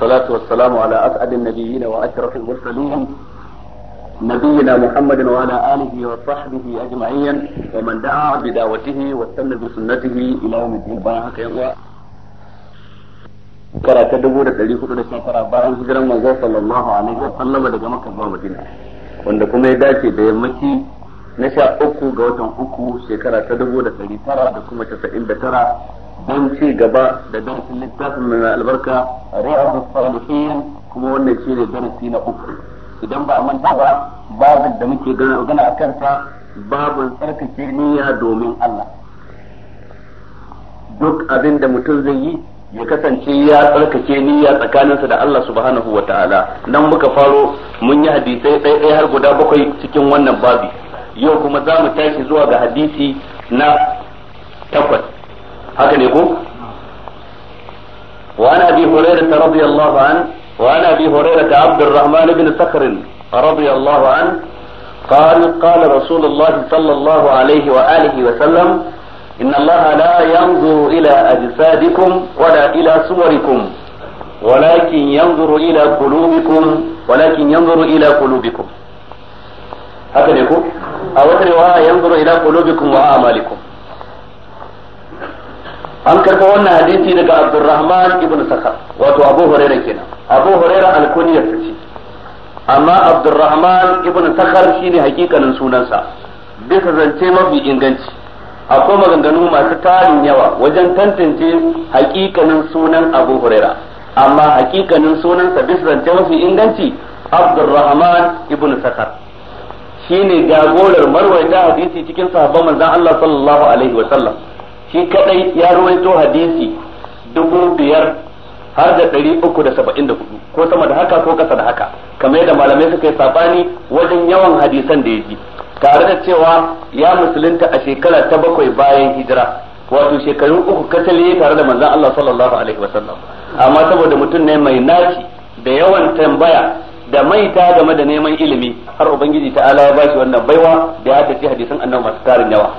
والصلاة والسلام على أسعد النبيين وأشرف المرسلين نبينا محمد وعلى آله وصحبه أجمعين ومن دعا بدعوته واستنى بسنته إلى يوم الدين بارك الله ta dubu da ɗari hudu da shekara bayan hijiran manzo sallallahu alaihi wa sallama daga makka zuwa madina wanda kuma ya dace da yammaci na sha uku ga watan uku shekara ta dubu da ɗari tara da kuma casa'in da tara mun ci gaba da darasin littafin mai albarka riyadu salihin kuma wannan shi ne darasi na uku idan ba a manta ba babin da muke gana a kansa babin tsarkake niyya domin Allah duk abin da mutum zai yi ya kasance ya tsarkake niyya tsakaninsa da Allah subhanahu wa ta'ala nan muka faro mun yi hadisai ɗaya har guda bakwai cikin wannan babi yau kuma za mu tashi zuwa ga hadisi na takwas haka ne ko wa an abi hurairah radiyallahu an wa an abi hurairah abdurrahman ibn sakhr radiyallahu an قال قال رسول الله صلى الله عليه وآله وسلم إن الله لا ينظر إلى أجسادكم ولا إلى صوركم ولكن ينظر إلى قلوبكم ولكن ينظر إلى قلوبكم هكذا يقول أو ينظر إلى قلوبكم وأعمالكم an karɓa wannan hadisi daga Abdurrahman ibn Sakar wato Abu Huraira kenan Abu Huraira alkuniyar ta ce amma Abdurrahman ibn Sakar shine hakikanin sunansa bisa zance mafi inganci akwai maganganu masu tarin yawa wajen tantance hakikanin sunan Abu Huraira amma hakikanin sunansa bisa zance mafi inganci Abdurrahman ibn Sakar shine gagorar marwaita hadisi cikin sahabban manzon Allah sallallahu alaihi wa sallam shi kadai ya ruwaito hadisi dubu biyar har da ɗari uku da saba'in da hudu ko sama da haka ko kasa da haka kamar yadda malamai suka yi sabani wajen yawan hadisan da ya ji tare da cewa ya musulunta a shekara ta bakwai bayan hijira wato shekaru uku kasali tare da manzan Allah sallallahu alaihi wasallam amma saboda mutum ne mai naci da yawan tambaya da maita game da neman ilimi har ubangiji ta'ala ya bashi wannan baiwa da ya haddace hadisan annabi masu tarin yawa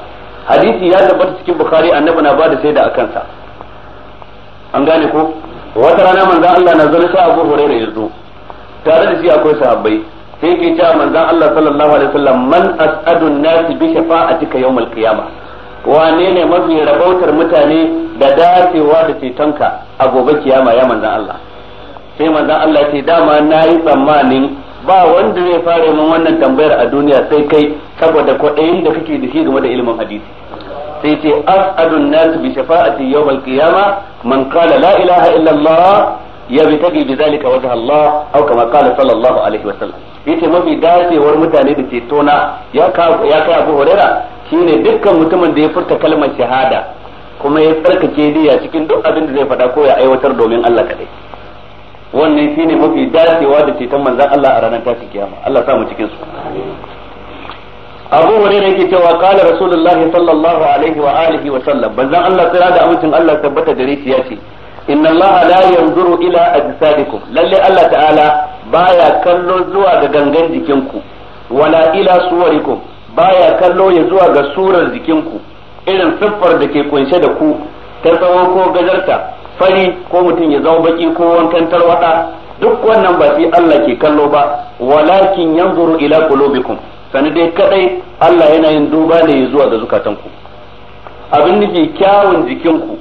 hadisi ya tabbata cikin bukhari annabi na bada sai akan sa an gane ko wata rana manzan Allah na zalla sai Abu Hurairah ya zo tare da shi akwai sahabbai sai ke cewa manzan Allah sallallahu alaihi wasallam man as'adun nas bi shafa'atika yawmal qiyamah wane ne mafi rabautar mutane da dacewa da cetonka a gobe kiyama ya manzon Allah sai manzon Allah ce dama na yi tsammanin ba wanda zai fara min wannan tambayar a duniya sai kai saboda kwaɗayin da kake da shi game da ilimin hadisi sai ce as'adun nas bi shafa'ati yawm al-qiyamah man qala la ilaha illa Allah yabtaghi bi zalika wajha Allah aw kama qala sallallahu alaihi wa sallam yace mafi dacewar mutane da ke tona ya ka ya ka Abu shine dukkan mutumin da ya furta kalmar shahada kuma ya tsarkake niyya cikin duk abin da zai faɗa ko ya aiwatar domin Allah kaɗai. wannan shi ne mafi dacewa da ceton manzan Allah a ranar tashi kiyama Allah sa cikin su Abu Hurairah yake cewa kala Rasulullah sallallahu alaihi wa alihi wa sallam manzan Allah tsira da amincin Allah tabbata gare shi ce. inna Allah la yanzuru ila ajsadikum lalle Allah ta'ala baya kallo zuwa ga gangan jikinku wala ila suwarikum baya kallo ya zuwa ga surar ku irin siffar da ke kunshe da ku ta tsawo ko gajarta fari ko mutum ya zama baki ko wankan tarwada duk wannan ba sai Allah ke kallo ba walakin yanzuru ila qulubikum sani dai kadai Allah yana yin duba ne zuwa ga zukatanku abin nufi kyawun jikinku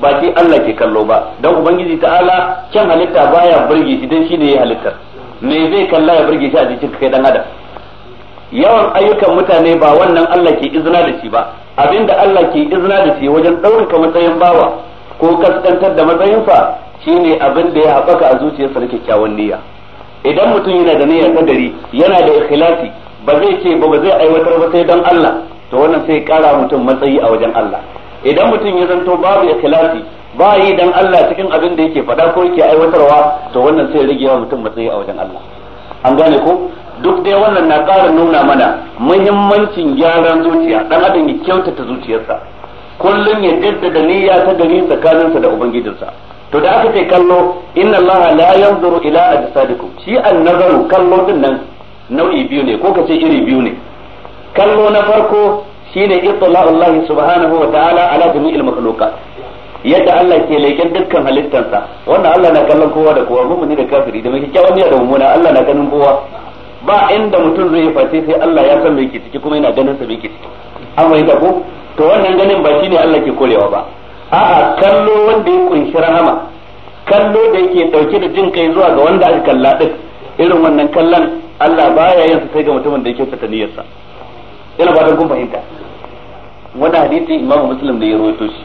ba sai Allah ke kallo ba dan ubangiji ta'ala kyan halitta baya burge shi dan shine ya halitta me zai kalla ya burge shi a jikin kai dan adam yawan ayyukan mutane ba wannan Allah ke izina da shi ba abinda Allah ke izina da shi wajen ɗaurika matsayin bawa ko kaskantar da matsayinsa ne abin da ya haɓaka a zuciyarsa na kyakkyawan niyya idan mutum yana da niyyar kadari yana da ikhlasi ba zai ce ba zai aiwatar ba sai don Allah to wannan sai kara mutum matsayi a wajen Allah idan mutum ya zanto babu ikhlasi ba yi dan Allah cikin abin da yake faɗa ko yake aiwatarwa to wannan sai rage wa mutum matsayi a wajen Allah an gane ko duk dai wannan na ƙara nuna mana muhimmancin gyaran zuciya dan adam ya kyautata zuciyarsa kullum ya da niyya ta gari tsakaninsa da ubangijinsa to da aka ce kallo inna allaha la yanzuru ila ajsadikum shi an-nazaru kallo din nan nau'i biyu ne ko ka ce iri biyu ne kallo na farko shine allahi subhanahu wa ta'ala ala jami'il makhluqat yadda Allah ke leken dukkan halittansa wannan Allah na kallon kowa da kowa mumuni da kafiri da mai kyawun da mumuna, Allah na ganin kowa ba inda mutum zai face sai Allah ya san me yake ciki kuma yana ganin sa me yake ciki an mai ko to wannan ganin ba shine Allah ke korewa ba a'a kallo wanda ya kunshi rahama kallo da yake dauke da jin kai zuwa ga wanda aka kalla din irin wannan kallon Allah baya yin sai ga mutumin da yake niyyarsa ina da kun fahimta wannan hadisi Imam Muslim da ya rawaito shi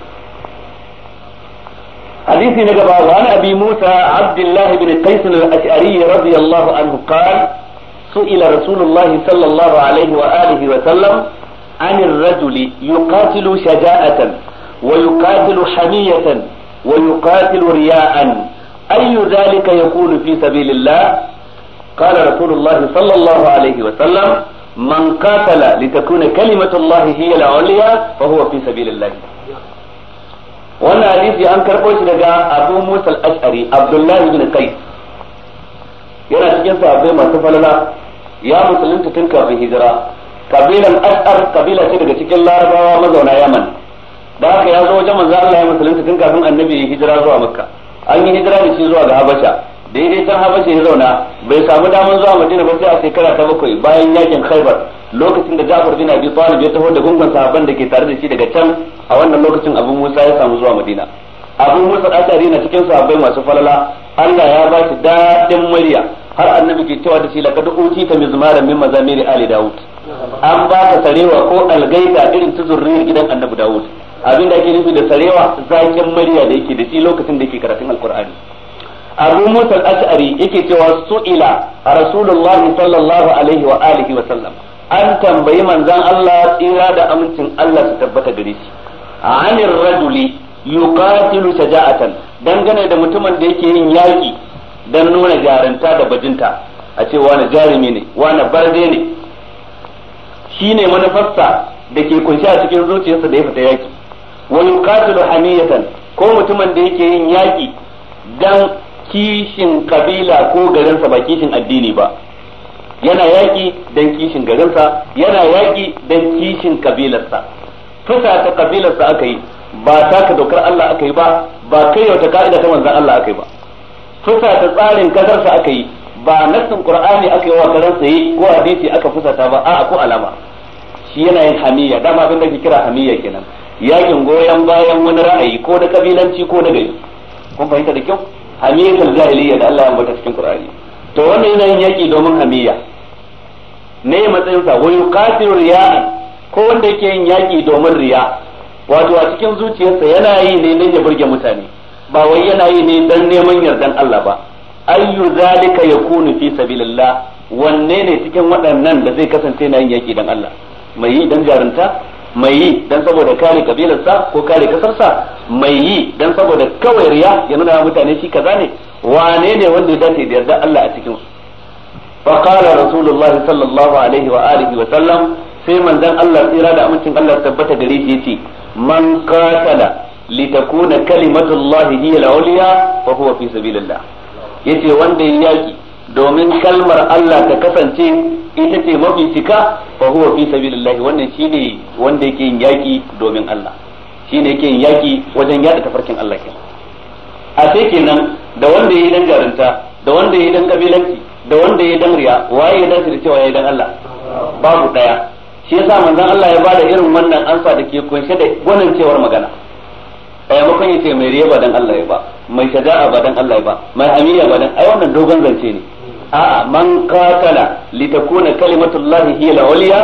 حديث نجب عن أبي Abi Musa Abdullah ibn Qais al ashari radiyallahu anhu qala su'ila رسول sallallahu alaihi wa alihi wa sallam عن الرجل يقاتل شجاعة ويقاتل حمية ويقاتل رياء أي ذلك يكون في سبيل الله قال رسول الله صلى الله عليه وسلم من قاتل لتكون كلمة الله هي العليا فهو في سبيل الله wannan hadisi an karɓo shi daga abu musa al-ash'ari abdullahi bin qais yana cikin sahabbai masu falala ya musulunta tun kafin hijira kabilan asar kabila ce daga cikin larabawa mazauna yaman da haka ya zo wajen manzo Allah ya musulunta tun kafin annabi ya hijira zuwa makka an yi hijira da shi zuwa ga habasha da can habasha ya zauna bai samu damar zuwa madina ba sai a shekara ta bakwai bayan yakin khaibar lokacin da jafar bin abi talib ya taho da gungun sahabban da ke tare da shi daga can a wannan lokacin abu musa ya samu zuwa madina abu musa da tare na cikin sahabbai masu falala Allah ya ba shi dadin murya har annabi ke cewa da shi laqad ta mizmaran min mazamiri ali daud an ba ka sarewa ko algaita irin ta zurriyar gidan annabi dawud abinda da ake nufi da sarewa zakin murya da yake da shi lokacin da yake karatun alkur'ani abu musa al'ashari yake cewa su'ila rasulullah sallallahu alaihi wa alihi wa sallam an tambayi manzon Allah tsira da amincin Allah su tabbata gare shi anir rajuli yuqatilu shaja'atan dangane da mutumin da yake yin yaki dan nuna jaranta da bajinta a ce wani jarumi ne wani barde ne shi ne manufarsa da ke kunshi a cikin zuciyarsa da ya fita yaki wa yuqatilu haniyatan ko mutumin da yake yin yaki dan kishin kabila ko garinsa ba kishin addini ba yana yaki dan kishin garinsa yana yaƙi dan kishin kabilarsa fusa ta kabilarsa aka yi ba taka dokar Allah aka yi ba ba kai wata ka'ida ta manzan Allah aka yi ba fusa ta tsarin kasarsa aka yi ba nassin qur'ani aka yi wa ya yi ko hadisi aka fusata ba a'a ko alama shi yana yin hamiya dama abin da ke kira hamiya kenan yakin goyon bayan wani ra'ayi ko da kabilanci ko da gari kun fahimta da kyau ta jahiliya da Allah ya ambata cikin Qur'ani to wannan yana yin yaki domin hamiya ne matsayin sa wa yuqatilu riya ko wanda yake yin yaki domin riya wato a cikin zuciyarsa yana yi ne ne ya burge mutane ba wai yana yi ne dan neman yardan Allah ba ayyu zalika yakunu fi sabilillah wanne ne cikin waɗannan da zai kasance na yin yaki dan Allah mai yi dan jarinta mai yi dan saboda kare kabilarsa ko kare kasarsa mai yi dan saboda kawai riya ya nuna mutane shi kaza ne wane ne wanda ya dace da yarda Allah a cikin su fa qala rasulullah sallallahu alaihi wa alihi wa sallam sai manzon Allah tsira da amincin Allah tabbata gare shi yace man qatala litakuna kalimatullahi hiya al-ulya fa huwa fi sabilillah yace wanda ya yaki domin kalmar Allah ta kasance ita ce mafi cika fa huwa fi sabilillah wannan shine wanda yake yin yaki domin Allah shine yake yin yaki wajen yada tafarkin Allah kenan a sai kenan da wanda yayi dan garanta da wanda yayi dan kabilanci da wanda yayi dan riya waye ya dace da cewa yayi dan Allah babu daya shi yasa manzon Allah ya bada irin wannan ansa da ke kunshe da gonan cewar magana ai makon yace mai riya ba dan Allah ya ba mai shaja'a ba dan Allah ya ba mai amiya ba dan ai wannan dogon zance ne a'a man qatala litakuna kalimatullahi hiya al-ulya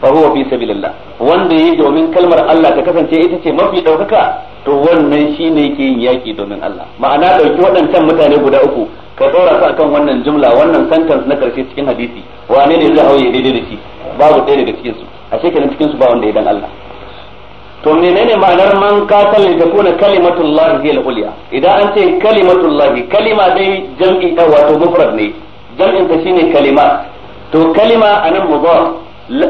fa huwa fi sabilillah wanda yi domin kalmar Allah ta kasance ita ce mafi daukaka to wannan shine yake yin yaki domin Allah ma'ana dauki waɗancan mutane guda uku ka tsora su akan wannan jumla wannan sentence na karshe cikin hadisi wane ne zai hauye daidai da shi babu ɗaya daga cikin su a shekarun cikin su ba wanda ya dan Allah to menene ma'anar man qatala li takuna kalimatullahi hiya al-ulya idan an ce kalimatullahi kalima dai jam'i eh, wato mufrad ne jam'in ta shine kalima to kalima anan mudaf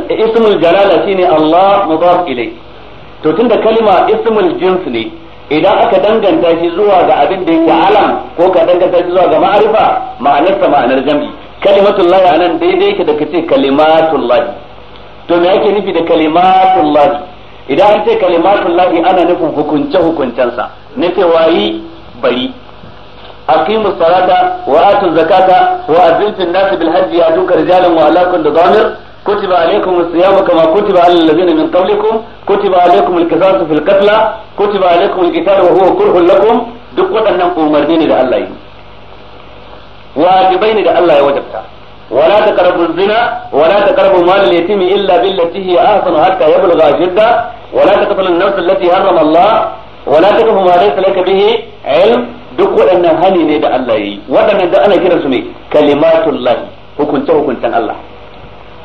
ismul jalala shine Allah mudaf ilai to tunda kalima ismul jins ne idan aka danganta shi zuwa ga abin da yake alam ko ka danganta shi zuwa ga ma'arifa ma'anarsa ma'anar jam'i kalimatullahi anan daidai yake da kace kalimatullahi to me yake nufi da kalimatullahi idan an ce kalimatullahi ana nufin hukunce hukuncensa na cewa bari أقيموا الصلاة وآتوا الزكاة وأذن في الناس بالحج يأتوك رجالا وعلى كل ضامر كتب عليكم الصيام كما كتب على الذين من قبلكم كتب عليكم القصاص في القتلى كتب عليكم القتال وهو كره لكم duk waɗannan umarni ne da Allah yi wajibai ne da Allah ya wajabta wala taqrabu zina wala taqrabu mal al-yatim illa billati hiya ahsanu hatta yablugha ashidda wala taqtulu an-nafs allati harrama Allah wala ilm duk waɗannan hali ne da Allah ya yi waɗannan da ana kiransu ne kalimatullahi hukunce hukuncen Allah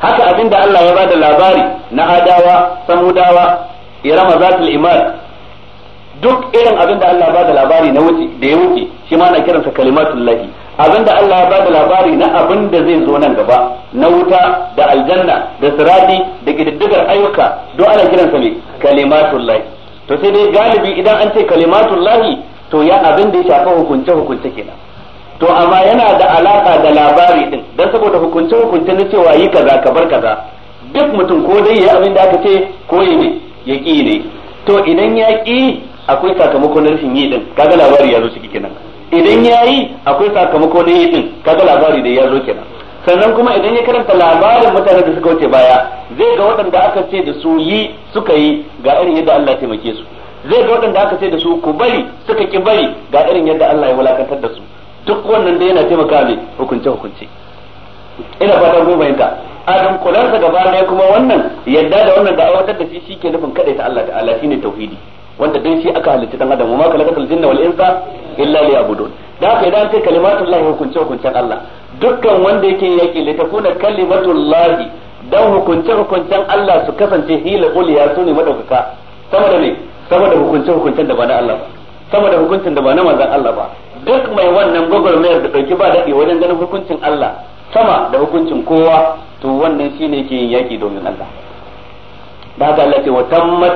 haka abin da Allah ya bada labari na adawa samudawa irama zatul duk irin abin da Allah ya bada labari na wuce da ya wuce shi ma ana kiransa kalimatullahi abin da Allah ya bada labari na abin da zai zo nan gaba na wuta da aljanna da sirati da kididdigar ayyuka duk ana kiransa ne kalimatullahi to sai dai galibi idan an ce kalimatullahi to ya abin da ya shafa hukunce hukunce kenan to amma yana da alaka da labari din dan saboda hukunce hukunce na cewa yi kaza ka bar kaza duk mutum ko dai ya abin da aka ce ko ne ya ki ne to idan ya ki akwai sakamakon rashin yi din kaga labari ya zo ciki kenan idan ya yi akwai sakamako na yi din kaga labari da ya zo kenan sannan kuma idan ya karanta labarin mutanen da suka wuce baya zai ga waɗanda aka ce da su yi suka yi ga irin yadda Allah taimake su zai ga waɗanda aka ce da su ku bari suka ki bari ga irin yadda Allah ya wulakantar da su duk wannan da yana taimaka mai hukunce hukunce ina fata goma adam a dunkularsa gaba ne kuma wannan yadda da wannan da aiwatar da shi ke nufin kaɗai ta Allah ta'ala shine tauhidi wanda dai shi aka halitta dan adam ma kalakal jinna wal insa illa liya'budun da haka idan kai kalimatullahi hukunce hukuncen Allah dukkan wanda yake yaki litakuna kalimatullahi dan hukunce hukuncen Allah su kasance hila uliya su ne madaukaka sama da me sama da hukuncin da ba na Allah ba sama da hukuncin da ba na manzon Allah ba duk mai wannan gwagwarmayar da dauki ba daɗi wajen ganin hukuncin Allah sama da hukuncin kowa to wannan shine yake yin yaki domin Allah da haka Allah ce wa tammat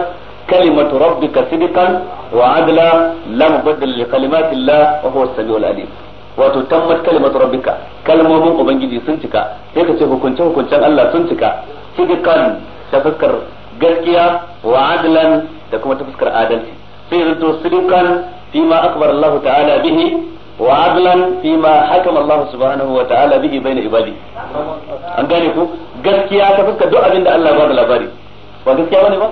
kalimatu rabbika sidqan wa adla la mubaddal li kalimati Allah wa huwa as-sami'ul alim wato tammat kalimatu rabbika kalmomin ubangiji sun cika sai ka ce hukuncin-hukuncin Allah sun cika sidqan da fuskar gaskiya wa adlan da kuma ta fuskar adalci sai ya zanto sidqan fi ma akbar Allah ta'ala bihi wa adlan fi ma hakama Allah subhanahu wa ta'ala bihi bayna ibadi an gane ku gaskiya ta fuskar duk abin da Allah ba da labari ba gaskiya bane ba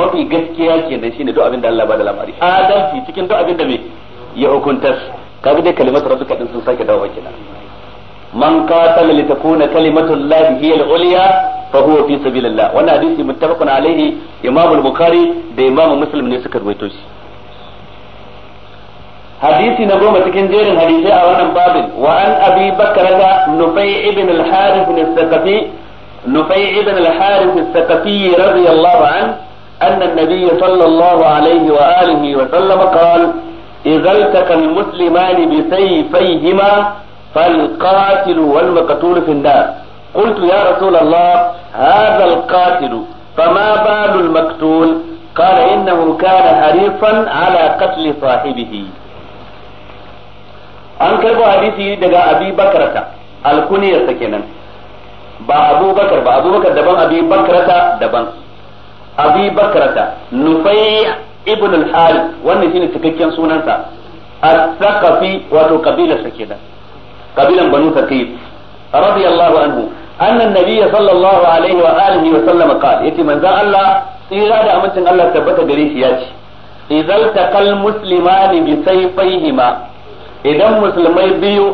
mafi gaskiya ke kenan shine duk abin da Allah ba da labari adalci cikin duk abin da me ya hukuntar kaga dai kalimatu rabbika din sun sake dawo kina man qatala litakuna kalimatu llahi hiya al-ulya فهو في سبيل الله وانا حديث متفق عليه امام البخاري ده امام مسلم ne suka ruwaito shi hadisi na goma cikin jerin hadisai a wannan babin wa an abi bakrata nufai ibn al-harith al-thaqafi nufai ibn al-harith al-thaqafi radiyallahu an anna an-nabiy sallallahu alayhi wa alihi wa sallam qala idza iltaqa al-muslimani bi sayfayhima فالقاتل والمقتول في النار قلت يا رسول الله هذا القاتل فما بال المقتول قال إنه كان حريصا على قتل صاحبه an karbo hadisi daga abi bakarata alkuniyarsa kenan ba abu ba abu bakar daban abi bakarata daban abi bakarata nufai ibn al-harith wannan shine cikakken sunansa al-thaqafi wato kabilarsa kenan kabilan anhu annan nabiyya sallallahu alaihi wa alihi wa sallama qala yace manzon Allah tsira da amincin Allah tabbata gare shi yace idzal taqal muslimani bi sayfayhima idan musulmai biyu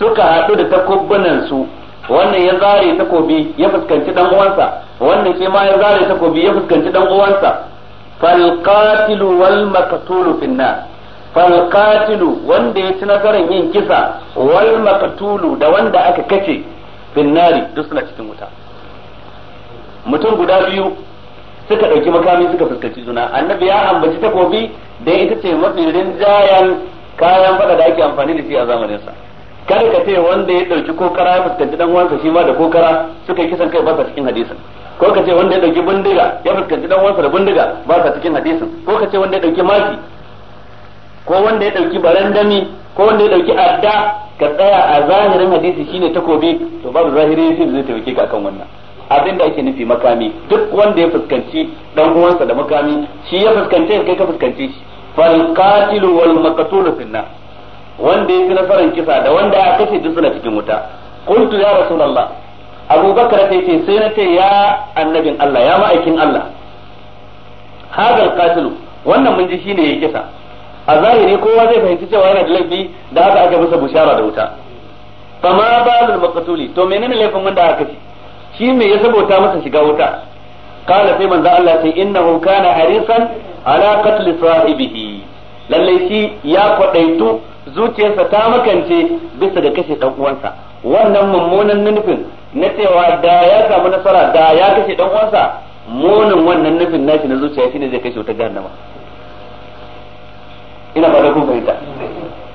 suka haɗu da takubbunan su wannan ya zare takobi ya fuskanci dan uwansa wannan shi ma ya zare takobi ya fuskanci dan uwansa fal qatilu wal maqtulu fin nar fal qatilu wanda ya ci nasarar yin kisa wal maqtulu da wanda aka kace finnari duk suna cikin wuta mutum guda biyu suka ɗauki makami suka fuskanci juna annabi ya ambaci takobi da ita ce mafi rinjayen kayan fada da ake amfani da shi a zamanin sa kada ka ce wanda ya ɗauki kokara ya fuskanci dan uwansa shi ma da kokara suka yi kisan kai ba sa cikin hadisin ko ka ce wanda ya ɗauki bindiga ya fuskanci dan uwansa da bindiga ba sa cikin hadisin ko ka ce wanda ya ɗauki maki ko wanda ya ɗauki barandami ko wanda ya ɗauki adda ka tsaya a zahirin hadisi shine takobi to babu zahiri yin zai taimake ka akan wannan abin da ake nufi makami duk wanda ya fuskanci dan uwansa da makami shi ya fuskance kai ka fuskance shi fal qatilu wal maqtul finna wanda yake nasaran kisa da wanda ya kashe duk suna cikin wuta qultu ya rasulullah Abu Bakar ta ce sai na ce ya annabin Allah ya ma'aikin Allah hadal qatilu wannan mun ji shine ya kisa a zahiri kowa zai fahimci cewa yana da laifi da haka aka masa bushara da wuta fama balul maqtuli to menene laifin wanda aka ci shi me ya sabota masa shiga wuta qala sai manzo Allah sai innahu kana harisan ala qatl sahibihi lalle shi ya kwadaitu zuciyarsa ta makance bisa ga kashe dan uwansa wannan mummunan nufin na cewa da ya samu nasara da ya kashe dan uwansa munin wannan nufin nashi na zuciya shine zai kashe ta jahannama ina ba da kun fahimta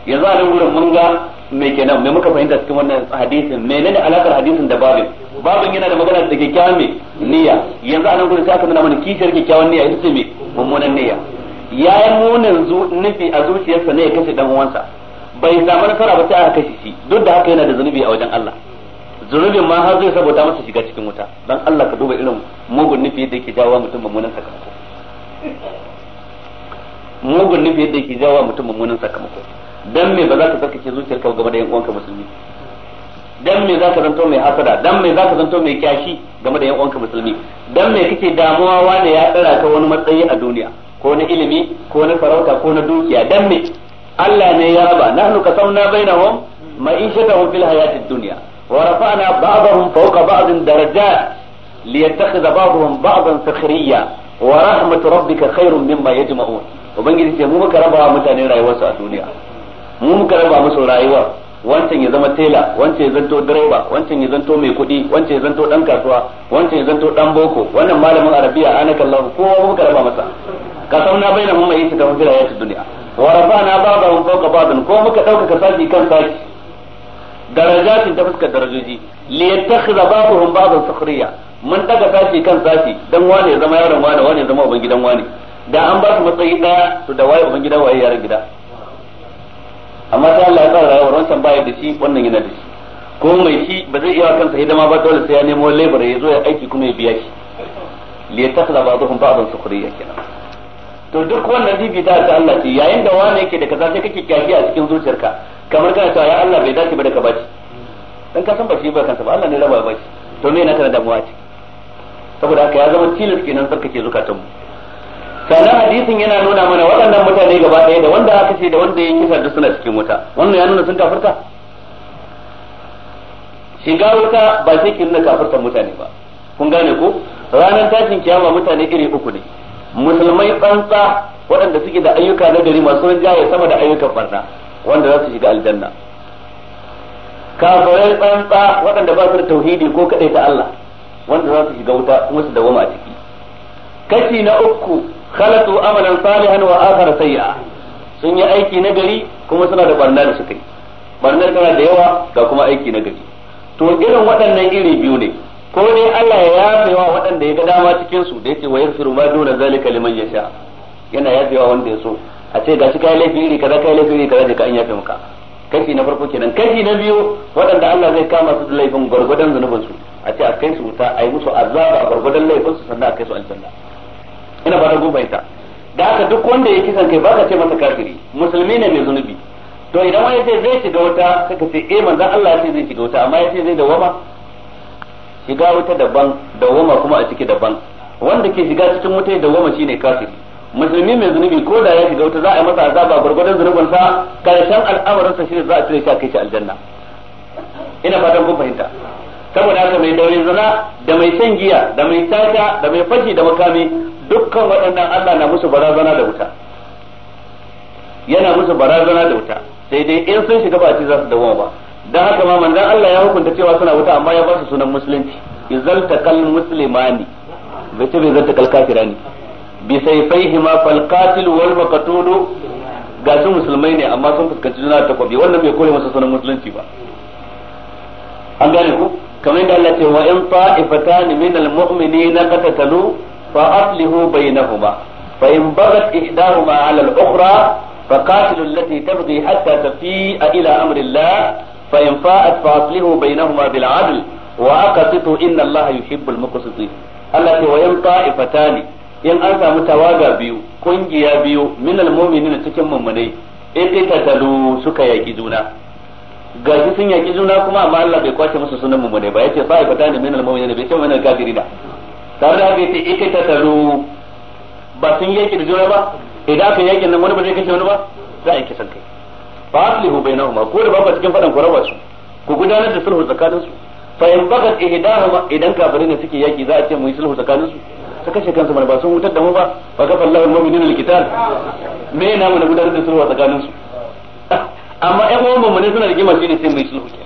yanzu a nan gurin mun ga me kenan me muka fahimta cikin wannan hadisin menene alakar hadisin da babin babin yana da magana da kyakkyawan me niyya yanzu a nan gurin sai aka nuna mana kishiyar kyakkyawan niyya ita ce me mummunan niyya ya yi munin nufi a zuciyarsa ne ya kashe dan uwansa bai samu nasara ba sai aka kashe shi duk da haka yana da zunubi a wajen Allah zunubin ma har zai saboda masa shiga cikin wuta dan Allah ka duba irin mugun nufi da ke jawo mutum mummunan sakamako mugun nufi yadda yake jawo mutum mummunan sakamako dan me ba za ka tsarkake zuciyarka game da yan uwanka musulmi dan me za ka zanto mai hasada dan me za ka zanto mai kyashi game da yan uwanka musulmi dan me kake damuwa wane ya tsara ka wani matsayi a duniya ko na ilimi ko na farauta ko na dukiya dan me Allah ne ya raba nahnu qasamna bainahum ma'ishatahum fil hayatid dunya wa rafa'na ba'dahum fawqa ba'din darajat liyattakhidha ba'dahum ba'dan sakhriya wa rahmatu rabbika khairun mimma yajma'un ubangiji ce mu muka raba mutane rayuwarsu a duniya mu muka raba musu rayuwa wancan ya zama tela wancan ya zanto direba wancan ya zanto mai kuɗi wancan ya zanto dan kasuwa wancan ya zanto dan boko wannan malamin arabiya anaka Allah kowa muka raba masa kasamna mun mai shiga fil hayatid duniya wa rafa'na ba'dahum fawqa ba'din ko muka dauka sashi kan sashi darajatin ta fuskar darajoji li yattakhidha ba'dahum ba'dan sukhriya mun daga sashi kan sashi dan wane ya zama yaron wane wane ya zama uban gidan wane da an ba su matsayi daya to da waye uban gidan waye yaron gida amma sai Allah ya tsara rayuwar wancan baya da shi wannan yana da shi ko mai shi ba zai iya kansa hidima ba dole sai ya nemo labor ya zo ya aiki kuma ya biya shi li yatakla ba'dhum ba'dan sukhriya kenan to duk wannan bibita ta Allah ce yayin da wane yake da kaza sai kake kyafi a cikin zuciyarka kamar kana cewa ya Allah bai dace ba da ka baci dan ka san ba shi ba kansa ba Allah ne raba ba shi to me yana kana damuwa ce saboda haka ya zama tilas kenan tsarkake zukatanmu sannan hadisin yana nuna mana waɗannan mutane gaba ɗaya da wanda aka ce da wanda ya kisa da suna cikin wuta wannan ya nuna sun kafirta shiga wuta ba sai ki nuna kafirtar mutane ba kun gane ko ranar tashin kiyama mutane iri uku ne musulmai tsantsa waɗanda suke da ayyuka na gari masu rinjaye sama da ayyukan barna wanda za su shiga aljanna kafirai tsantsa waɗanda ba su da tauhidi ko kaɗai ta Allah wanda za su shiga wuta kuma su dawama a ciki kashi na uku khalatu amalan salihan wa akhar sayya sun yi aiki na gari kuma suna da barna da suka yi tana da yawa ga kuma aiki na gari to irin waɗannan iri biyu ne ko ne Allah ya yafe wa waɗanda ya ga dama cikin su da yake wayar yaghfiru ma duna zalika liman yasha yana yafewa wanda ya so a ce gashi kai laifi iri kaza kai laifi iri kaza da ka an yafe maka kashi na farko kenan kashi na biyu waɗanda Allah zai kama su da laifin gwargwadon zunubin su a ce a kai su wuta a yi musu azaba gwargwadon laifin su sannan a kai su aljanna ina ba da gubaita da haka duk wanda ya kisan kai baka ce masa kafiri musulmi ne mai zunubi to idan wani ce zai shiga wuta sai ka ce eh manzon Allah ya ce zai shiga wuta amma ya ce zai dawama shiga wuta daban dawama kuma a ciki daban wanda ke shiga cikin wuta ya dawama shine kafiri musulmi mai zunubi ko da ya shiga wuta za a yi masa azaba gwargwadon zunubinsa karshen al'amarinsa shine za a cire shi a kai shi aljanna ina fatan kun fahimta saboda haka mai daurin zana da mai san giya da mai tata da mai fashi da makami dukkan waɗannan Allah na musu barazana da wuta yana musu barazana da wuta sai dai in sun shiga ba ci za su dawo ba dan haka ma manzon Allah ya hukunta cewa suna wuta amma ya ba su sunan musulunci izal takal muslimani bai bai zanta kal kafirani bi ma fal qatil wal maqtul ga su musulmai ne amma sun fuskanci juna ta kwabi wannan bai kore masa sunan musulunci ba an gane ku kamar yadda Allah ce wa in ta'ifatan min al-mu'minina qatatalu fa aslihu bainahuma fa in bagat ihdahuma 'ala al-ukhra فقاتلوا التي تبغي حتى تفيء إلى أمر الله فإن فاءت فأصلحوا بينهما بالعدل وأقسطوا إن الله يحب المقسطين التي وإن طائفتان إن أنت متواجع بيو كنجيا بيو من المؤمنين تكم مني إن قتلوا سكا يجدونا shi sun yaki juna kuma amma Allah bai kwace musu sunan mu ne ba yace fa ifata ne minal mu'minina bai ce minal kafirina tare da bai ce ita ta taru ba sun yaki da juna ba idan ka yaki nan wani ba zai kace wani ba za a yi kisan kai fa aslihu bainahuma ko da ba cikin fadan ku raba su ku gudanar da sulhu tsakanin su fa in bagat ihdahuma idan kafirin ne suke yaki za a ce mu yi sulhu tsakanin su su kashe kansu mana ba sun wutar da mu ba ba kafa Allahu mu'minina alqital me yana mana gudanar da sulhu tsakanin su amma ƴan uwan mu ne suna rigima shi sai mai sulhu ke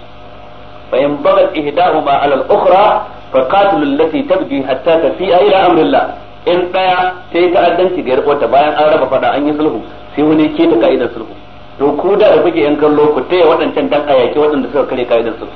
fa in bagat ihdahuma ala al-ukhra fa qatilu allati tabghi hatta tafi'a ila amrillah in daya sai ta'addanci ga yarwata bayan an raba fada an yi sulhu sai wani ke ta ka'idar sulhu to ko da da kuke yan kallo ku taya waɗancan dan ayaki waɗanda suka kare ka'idar sulhu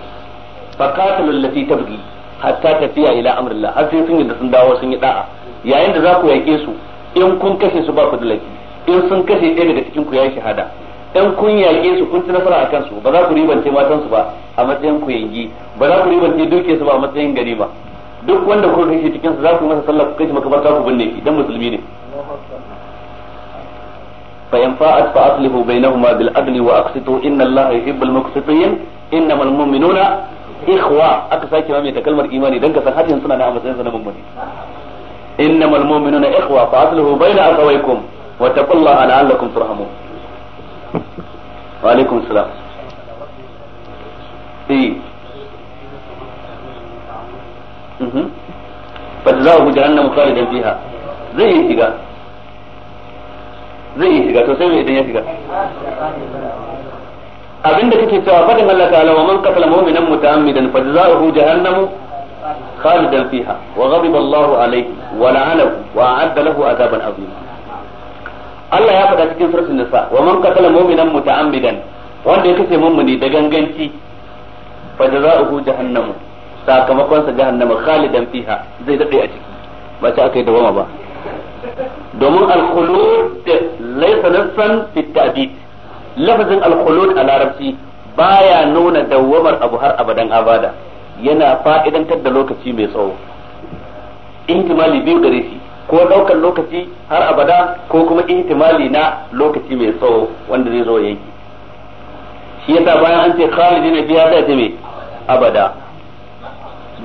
fa qatilu allati tabghi hatta tafiya ila amrillah har sai sun yi da sun dawo sun yi da'a yayin da za ku yake su in kun kashe su ba ku da laifi in sun kashe ɗaya daga cikin ku ya shahada in kun yaƙe su kun ci nasara a kansu ba za ku ribance su ba a matsayin ku yangi ba za ku ribance duke su ba a matsayin gani ba duk wanda kuka kashe cikin su za ku masa sallah ku kashe makabarta ku binne shi dan musulmi ne fa in fa'at fa aslihu bainahuma bil adli wa aqsitu inna allaha yuhibbul muqsitin innamal mu'minuna ikhwa aka sake ma mai takalmar kalmar imani dan ka san hadin suna na a matsayin na mummuni innamal mu'minuna ikhwa fa aslihu baina akhawaykum wa taqullaha la'allakum turhamun wa alaikum salam eh mhm fa za ku jahannam zai yi shiga zai yi shiga to sai mai idan ya shiga abinda kake cewa fadin Allah ta'ala wa man qatala mu'minan muta'ammidan fa jazaohu jahannamu khalidan fiha wa ghadiba Allahu alayhi wa la'anahu wa a'adda lahu 'adaban 'azima Allah ya faɗa cikin suratul nisa wa man qatala mu'minan muta'ammidan wanda ya kace mummuni da ganganci fa jazaohu jahannamu sakamakon sa jahannama khalidan fiha zai dade a ciki ba ta akai dawama ba domin al-khulud laysa nassan fi ta'did lafazin al-khulud a larabci baya nuna dawwamar abu har abadan abada yana fa'idantar da lokaci mai tsawo ihtimali biyu gare shi ko daukan lokaci har abada ko kuma ihtimali na lokaci mai tsawo wanda zai zo yanki shi yasa bayan an ce khalidina biya da ta me abada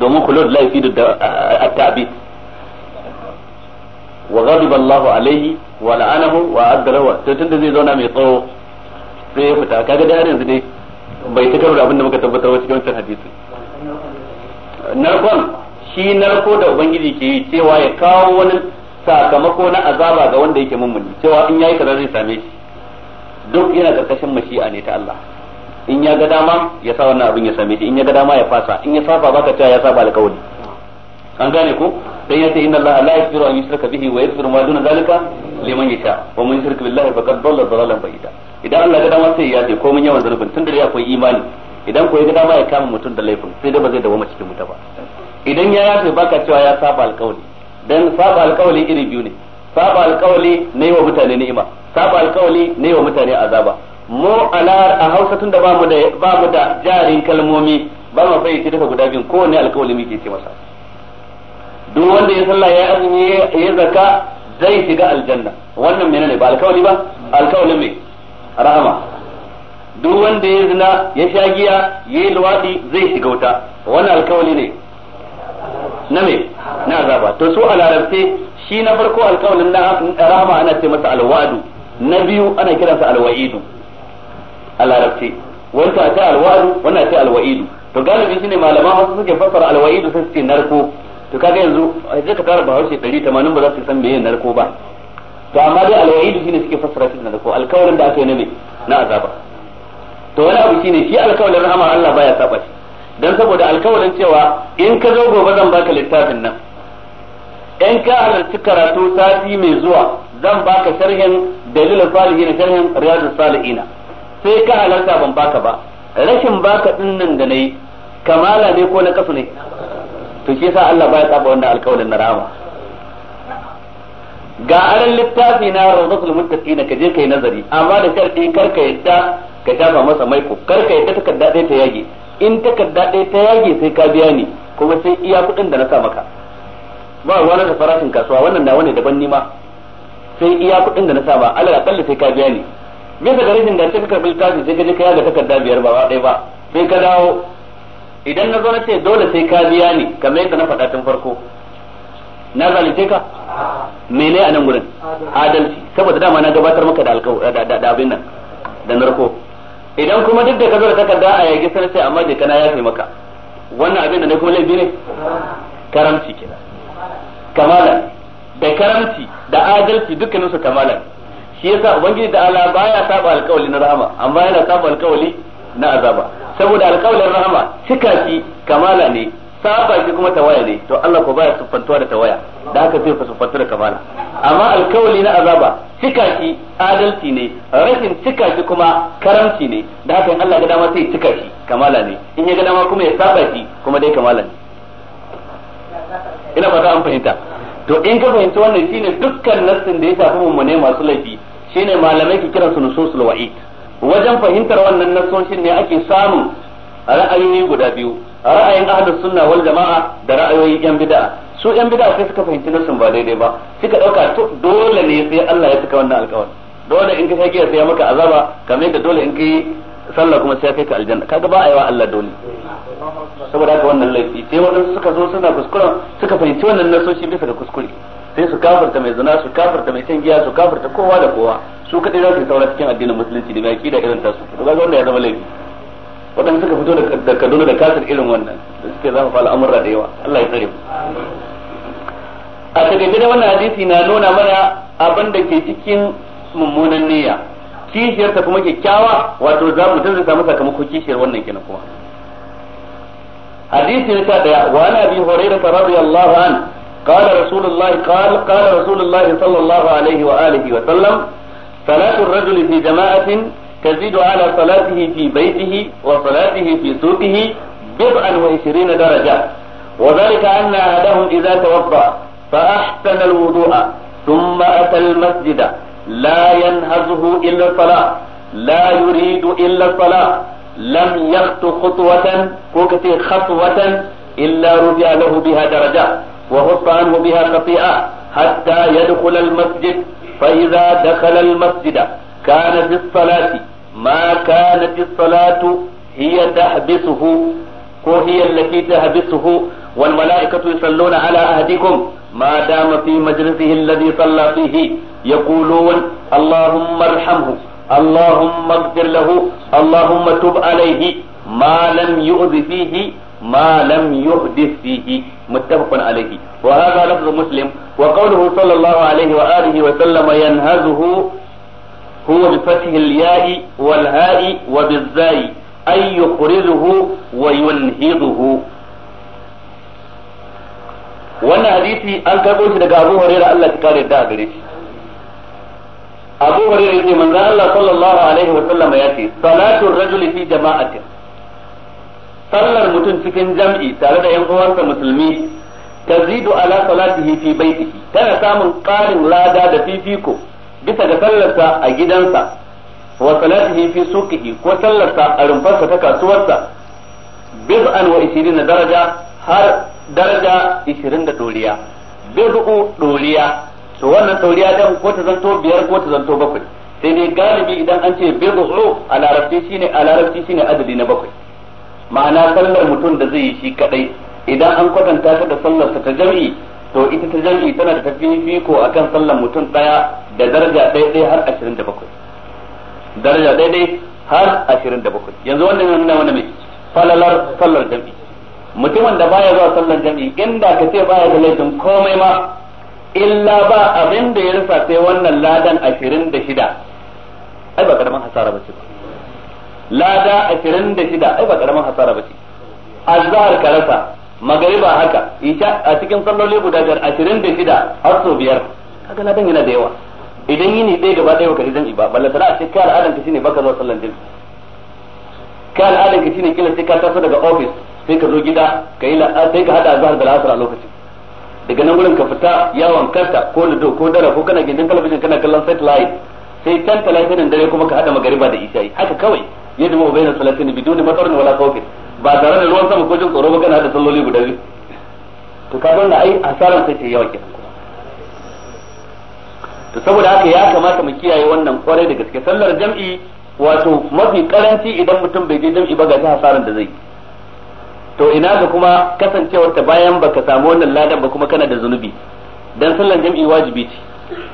domin kullu laifi da at tabi wa ghadiba Allahu alayhi wa la'anahu wa adara wa to tunda zai zauna mai tsawo sai ya fita kaga da yanzu dai bai ta karo da abin da muka tabbatar wa cikin wancan hadisi narkon shi narko da ubangiji ke yi cewa ya kawo wani sakamako na azaba ga wanda yake mummuni cewa in yayi kaza zai same shi duk yana karkashin mashi'a ne ta Allah in ya ga dama ya sa wannan abin ya same shi in ya ga dama ya fasa in ya saba baka cewa ya saba alƙawari an gane ko dan ya ce inna Allah la yaghfiru an yushraka bihi wa yaghfiru ma duna zalika liman yasha wa man yushrik billahi faqad dalla dalalan ba'ida idan Allah ga dama sai ya ce komai yawan zanubin tun da akwai imani idan ko ya ga dama ya kama mutum da laifin sai da ba zai dawo cikin wuta ba idan ya yafe baka cewa ya saba alkawali dan saba alkawali iri biyu ne saba alkawali ne wa mutane ni'ima saba alkawali ne wa mutane azaba mu ala a Hausa tunda ba mu da ba mu da jarin kalmomi ba mu fayyace dafa guda biyun ne alkawali muke ce masa duk wanda ya sallah ya azumi ya zaka zai shiga aljanna wannan menene ba alkawali ba alkawali mai rahama duk wanda ya zina ya sha giya ya yi luwaɗi zai shiga wuta wannan alkawali ne na me na azaba to su a larabce shi na farko alkawalin na rahama ana ce masa alwadu na biyu ana kiransa alwa'idu a larabce wancan ta alwadu wannan ta alwa'idu to galibi shine malaman wasu suke fassara alwa'idu sai su ce narko to kaga yanzu sai ka tara ba harshe 180 ba za su san meye narko ba to amma dai alwa'idu shine suke fassara shi narko alkawalin da aka yi na me na azaba to wani abu shine shi alkawalin rahama Allah baya saba shi dan saboda alkawarin cewa in ka zo gobe zan baka littafin nan in ka halarci karatu sati mai zuwa zan baka sharhin dalilin salihin sharhin riyadu salihina sai ka halarta ban baka ba rashin baka din nan da nayi kamala ne ko na kasu ne to shi yasa Allah baya tsaba wannan alkawarin na rama ga aran littafi na rawdatul muttaqina ka je kai nazari amma da sharti karka ka yadda ka shafa masa maiko kar ka yadda takarda ɗaya ta yage in takarda ɗaya ta yage sai ka biya ni kuma sai iya kuɗin da na sa maka ba wani da farashin kasuwa wannan na wani daban nima sai iya kuɗin da na sa ba alal akalla sai ka biya ni bisa ga rashin da ta ka bil tashi sai ka je ka yaga takarda biyar ba ɗaya ba sai ka dawo idan na zo na ce dole sai ka biya ni kamar yadda na faɗa tun farko na zalunce ka mene a nan gurin adalci saboda dama na gabatar maka da abin nan da narko idan kuma duk da ka zo takarda a yage sana sai amma je kana yafe maka wannan abin da ne kuma laifi ne karamci kenan kamala da karamci da adalci dukkanin su kamala shi yasa ubangiji da Allah baya saba alƙawali na rahama amma yana saba alƙawali na azaba saboda alƙawalin rahama cika shi kamala ne saba shi kuma tawaya ne to Allah ko baya sufantuwa da tawaya da haka zai fa siffantu da kamala amma alƙawali na azaba cika shi adalci ne rashin cika shi kuma karamci ne da haka in Allah ga dama sai cika shi kamala ne in ya ga kuma ya saba shi kuma dai kamala ne ina fata an fahimta to in ka fahimci wannan shine dukkan nassin da ya shafi ne masu laifi shine malamai ke kiran su nususul wa'id wajen fahimtar wannan nassoshin ne ake samun ra'ayoyi guda biyu ra'ayin ahlus sunna wal jama'a da ra'ayoyin yan bid'a su yan bid'a sai suka fahimci nasin ba daidai ba suka dauka dole ne sai Allah ya saka wannan alƙawarin dole in ka sai kiyar sai maka azaba kamar yadda dole in kai sallah kuma sai kai ka aljanna kaga ba a yi wa Allah dole saboda haka wannan laifi sai wannan suka zo suna kuskure suka fahimci wannan nasoshi bisa ga kuskure sai su kafarta mai zina su kafarta mai shan giya su kafarta kowa da kowa su kadai za su yi saura cikin addinin musulunci da mai da irin tasu to kaga wanda ya zama laifi waɗanda suka fito da Kaduna da kasar irin wannan da suke zama fa al'amura da yawa Allah ya tsare mu a takaice da wannan hadisi na nuna mana abin da ke cikin mummunan niyya kishiyar ta kuma kyakkyawa wato za mutum zai samu sakamakon kishiyar wannan kenan kuma hadisi na daya wa ana bi hurairah radiyallahu an قال رسول الله قال قال رسول الله wa الله عليه وآله وسلم صلاة الرجل في جماعة تزيد على صلاته في بيته وصلاته في سوقه بضعا وعشرين درجة وذلك أن أحدهم إذا توضأ فأحسن الوضوء ثم أتى المسجد لا ينهزه إلا الصلاة لا يريد إلا الصلاة لم يخط خطوة كوكتي خطوة إلا رجع له بها درجة وحط عنه بها خطيئة حتى يدخل المسجد فإذا دخل المسجد كان في الصلاة ما كانت الصلاة هي تحبسه وهي التي تحبسه والملائكة يصلون على أهدكم ما دام في مجلسه الذي صلى فيه يقولون اللهم ارحمه اللهم اغفر له اللهم تب عليه ما لم يؤذ فيه ما لم يحدث فيه متفق عليه وهذا لفظ مسلم وقوله صلى الله عليه وآله وسلم ينهزه هو بفتح الياء والهاء وبالزاي أي يخرجه وينهضه wannan hadisi an karɓo shi daga Abu Hurairah Allah ya kare da gare shi Abu Hurairah yace manzon Allah sallallahu alaihi wa sallam ya ce salatu rajuli fi jama'atin sallar mutum cikin jam'i tare da yan uwansa musulmi tazidu ala salatihi fi baitihi tana samun ƙarin lada da fifiko bisa ga sallarsa a gidansa wa salatihi fi suqihi ko sallarsa a rumfarsa ta kasuwarsa bid'an wa 20 daraja har daraja 20 da doriya bid'u doriya to wannan doriya ta ko ta zanto biyar ko ta zanto bakwai sai dai galibi idan an ce bid'u a larabci shine a larabci shine adadi na bakwai ma'ana sallar mutum da zai yi shi kadai idan an kwatanta ta da sallarsa ta jami'i to ita ta jami'i tana da fiko akan sallar mutum daya da daraja daidai har 27 daraja daidai har 27 yanzu wannan yana nuna wani mai falalar sallar jami'i mutumin da baya zuwa sallar jami'i inda ka ce baya da laifin komai ma illa ba abin da ya rufa sai wannan ladan ashirin da shida ai ba karamin hasara bace ba lada ashirin da shida ai ba karamin hasara bace azhar ka rasa magariba haka isha a cikin salloli guda biyar ashirin da shida har sau biyar kaga ladan yana da yawa idan yini ɗaya gaba ɗaya baka zan iba ba sana'a ce kai al'adanka shine baka zuwa sallan jami'i kai al'adanka shine kila sai ka taso daga office sai ka zo gida ka yi sai ka hada azhar da la'asar a lokacin daga nan wurin ka fita yawon karta ko da ko dara ko kana gindin talabijin kana kallon satellite sai can talatin dare kuma ka hada magariba da isha'i haka kawai yadda zama wa bayyana salatin ba matsarin wala kawfin ba tare da ruwan sama ko jin tsoro ba kana hada salloli guda biyu to ka na ai asaran sai ta yawa kuma to saboda haka ya kamata mu kiyaye wannan kwarai da gaske sallar jam'i wato mafi karanci idan mutum bai je jam'i ba ga hasaran da zai yi to ina ga kuma kasancewar ta bayan baka samu wannan ladan ba kuma kana da zunubi dan sallar jam'i wajibi ce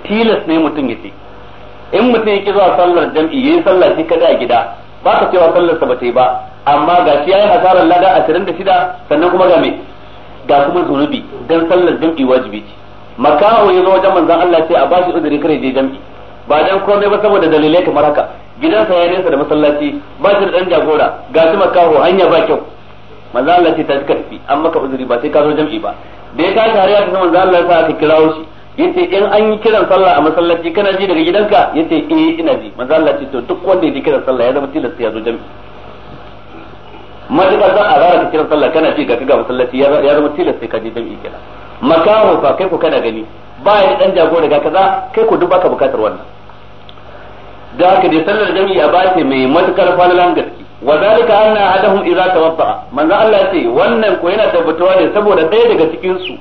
tilas ne mutum ya ce in mutum yake zuwa sallar jam'i yayin sallar shi kada a gida ba ka cewa sallar sa ba ta yi ba amma ga shi yayi hasarar lada 26 sannan kuma ga me ga kuma zunubi dan sallar jam'i wajibi ce makaho ya zo wajen manzon Allah ce a bashi uzuri kare je jam'i ba dan komai ba saboda dalilai kamar haka gidansa ya nesa da masallaci ba shi da dan jagora ga shi makaho hanya ba kyau manzo Allah ce ta ka tafi an maka uzuri ba sai ka zo jam'i ba da ya tashi har ya tafi manzo Allah sa ka kira shi yace in an yi kiran sallah a masallaci kana ji daga gidanka yace eh ina ji manzo Allah ce to duk wanda ya ji kiran sallah ya zama tilasta ya zo jam'i matuƙar za a rara ka kiran sallah kana ji ga kaga masallaci ya zama tilasta ka je jam'i kira makaho fa kai ko kana gani ba ya dan jago daga kaza kai ko duk baka bukatar wannan da haka dai sallar jami'a ba ce mai matukar falalan gaske wa zalika anna ahadahum idza tawaffa manzo Allah yace wannan ko yana tabbatuwa ne saboda ɗaya daga cikin su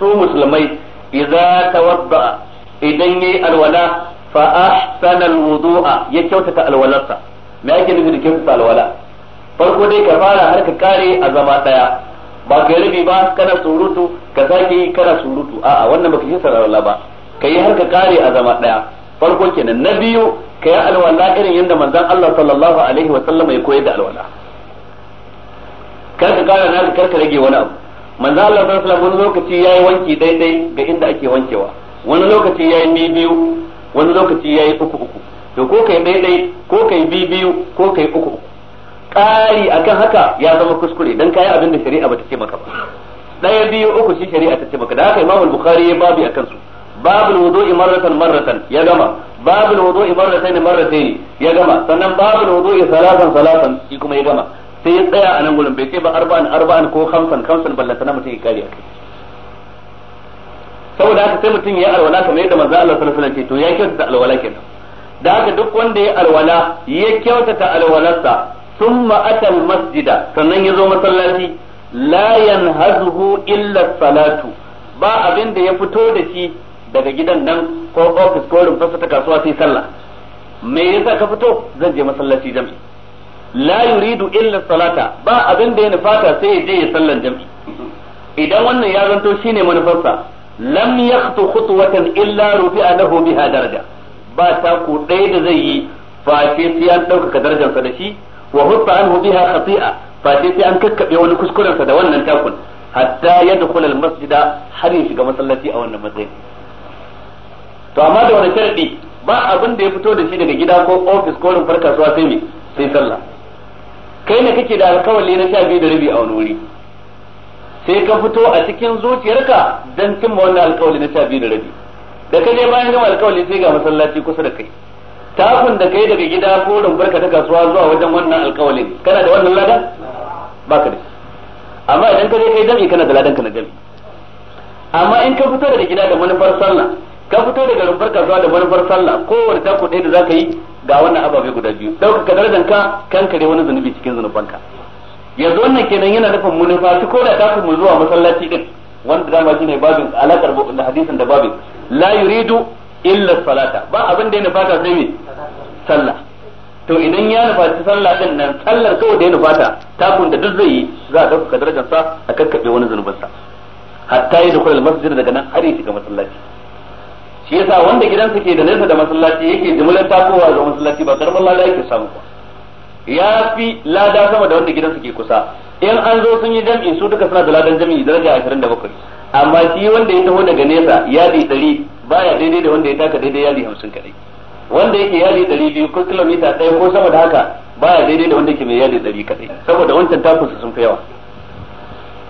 su musulmai idza tawaffa idan yayi alwala fa ahsana alwudu'a ya kyautata alwalarsa me yake nufi da kyautata alwala farko dai ka fara har ka kare a zama daya ba ka rubi ba kana surutu ka sake kana surutu a'a wannan baka yi sararwa ba ka yi har ka kare a zama daya farko kenan na biyu ka yi alwala irin yadda manzon Allah sallallahu alaihi wa sallama ya koyar da alwala kar ka kara na kar ka rage wani abu manzon Allah sallallahu alaihi wa sallam wani lokaci yayi wanki daidai ga inda ake wankewa wani lokaci yayi yi biyu wani lokaci yayi uku uku to ko kai daidai ko kai bi biyu ko kai uku uku ƙari akan haka ya zama kuskure dan kai abin da shari'a bata ce maka ba daya biyu uku shi shari'a ta ce maka da haka Imam Bukhari ya babi akan su babul wudu'i marratan marratan ya gama babul wudu'i marratan marratayn ya gama sannan babul wudu'i salatan salatan shi kuma ya gama sai ya tsaya a nan gurin bai kai ba arba'an arba'an ko khamsan khamsan ballanta na mutum ya kare saboda haka sai mutum ya alwala kamar yadda manzo Allah sallallahu alaihi wasallam to ya kyautata alwala kenan da haka duk wanda ya alwala ya kyautata alwalarsa thumma ata masjida sannan ya zo masallaci la yanhazuhu illa salatu ba abin da ya fito da shi daga gidan nan ko ofis ko rumfarsa ta kasuwa sai sallah me yasa ka fito zan je masallaci jam'i la yuridu illa salata ba abin da ya nufata sai ya je ya sallan jam'i idan wannan ya zanto shine manufarsa lam yakhtu khutwatan illa rufi'a lahu biha daraja ba ta ku ɗaya da zai yi face sai an ɗaukaka sa da shi wa hutta anhu biha khati'a face sai an kakkabe wani kuskuren sa da wannan takun hatta yadkhul al-masjida har ya shiga masallaci a wannan matsayin to amma da wani sharadi ba abin da ya fito da shi daga gida ko ofis ko rumfar kasuwa sai me sai sallah kai ne kake da alkawali na sha biyu da rabi a wani wuri sai ka fito a cikin zuciyarka don cimma wannan alkawali na sha biyu da rabi da ka je bayan gama alkawali sai ga masallaci kusa da kai Tafin da kai daga gida ko rumfar ka ta kasuwa zuwa wajen wannan alkawali kana da wannan ladan ba ka da amma idan ka je kai jami'i kana da ladan ka na jami'i amma in ka fito daga gida da manufar sallah ka fito daga rumfar kasuwa da manufar sallah kowane tako ɗaya da zaka yi ga wannan ababe guda biyu ɗauka ka darajanka ka kare wani zunubi cikin zunubanka yanzu wannan kenan yana nufin manufa ko da ta mu zuwa masallaci din wanda dama shine babin alakar hadisin da babin la yuridu illa salata ba abin da ya fata sai me sallah to idan ya nufaci sallah din nan sallar kawai da ya fata, takun da duk zai yi za a ɗauka darajar sa a kakkaɓe wani zunubinsa hatta ya dukkan masjid daga nan har ya shiga masallaci shi yasa wanda gidansa ke da nesa da masallaci yake jimlar takowa zuwa masallaci ba karamin lada yake samu ba ya fi lada sama da wanda gidansa ke kusa in an zo sun yi jam'i su duka suna da ladan jam'i daraja bakwai amma shi wanda ya taho daga nesa yadi ɗari baya daidai da wanda ya taka daidai yadi hamsin kadai wanda yake yadi biyu ko kilomita ɗaya ko sama da haka baya daidai da wanda ke mai yadi ɗari kadai saboda wancan takunsa sun fi yawa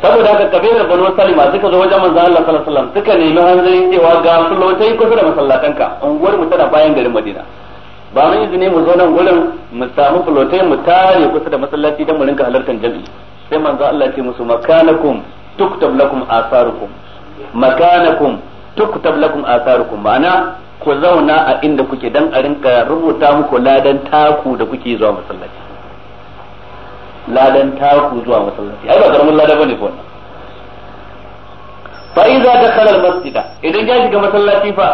saboda haka kabilar banu salima suka zo wajen manzo Allah sallallahu alaihi wasallam suka nemi hanzarin cewa ga sulotai kusa da masallatanka unguwar mu tana bayan garin Madina ba mun izini mu zo nan gurin mu samu sulotai mu tare kusa da masallaci dan mu rinka halartar jami'i sai manzo Allah ce musu makanakum tuktab lakum asarukum makanakum tuktab lakum asarukum ma'ana ku zauna a inda kuke dan a rinka rubuta muku ladan taku da kuke zuwa masallaci ladan taku zuwa masallaci ai ba karamin lada bane ko wannan fa idza dakhala al masjida idan ya shiga masallaci fa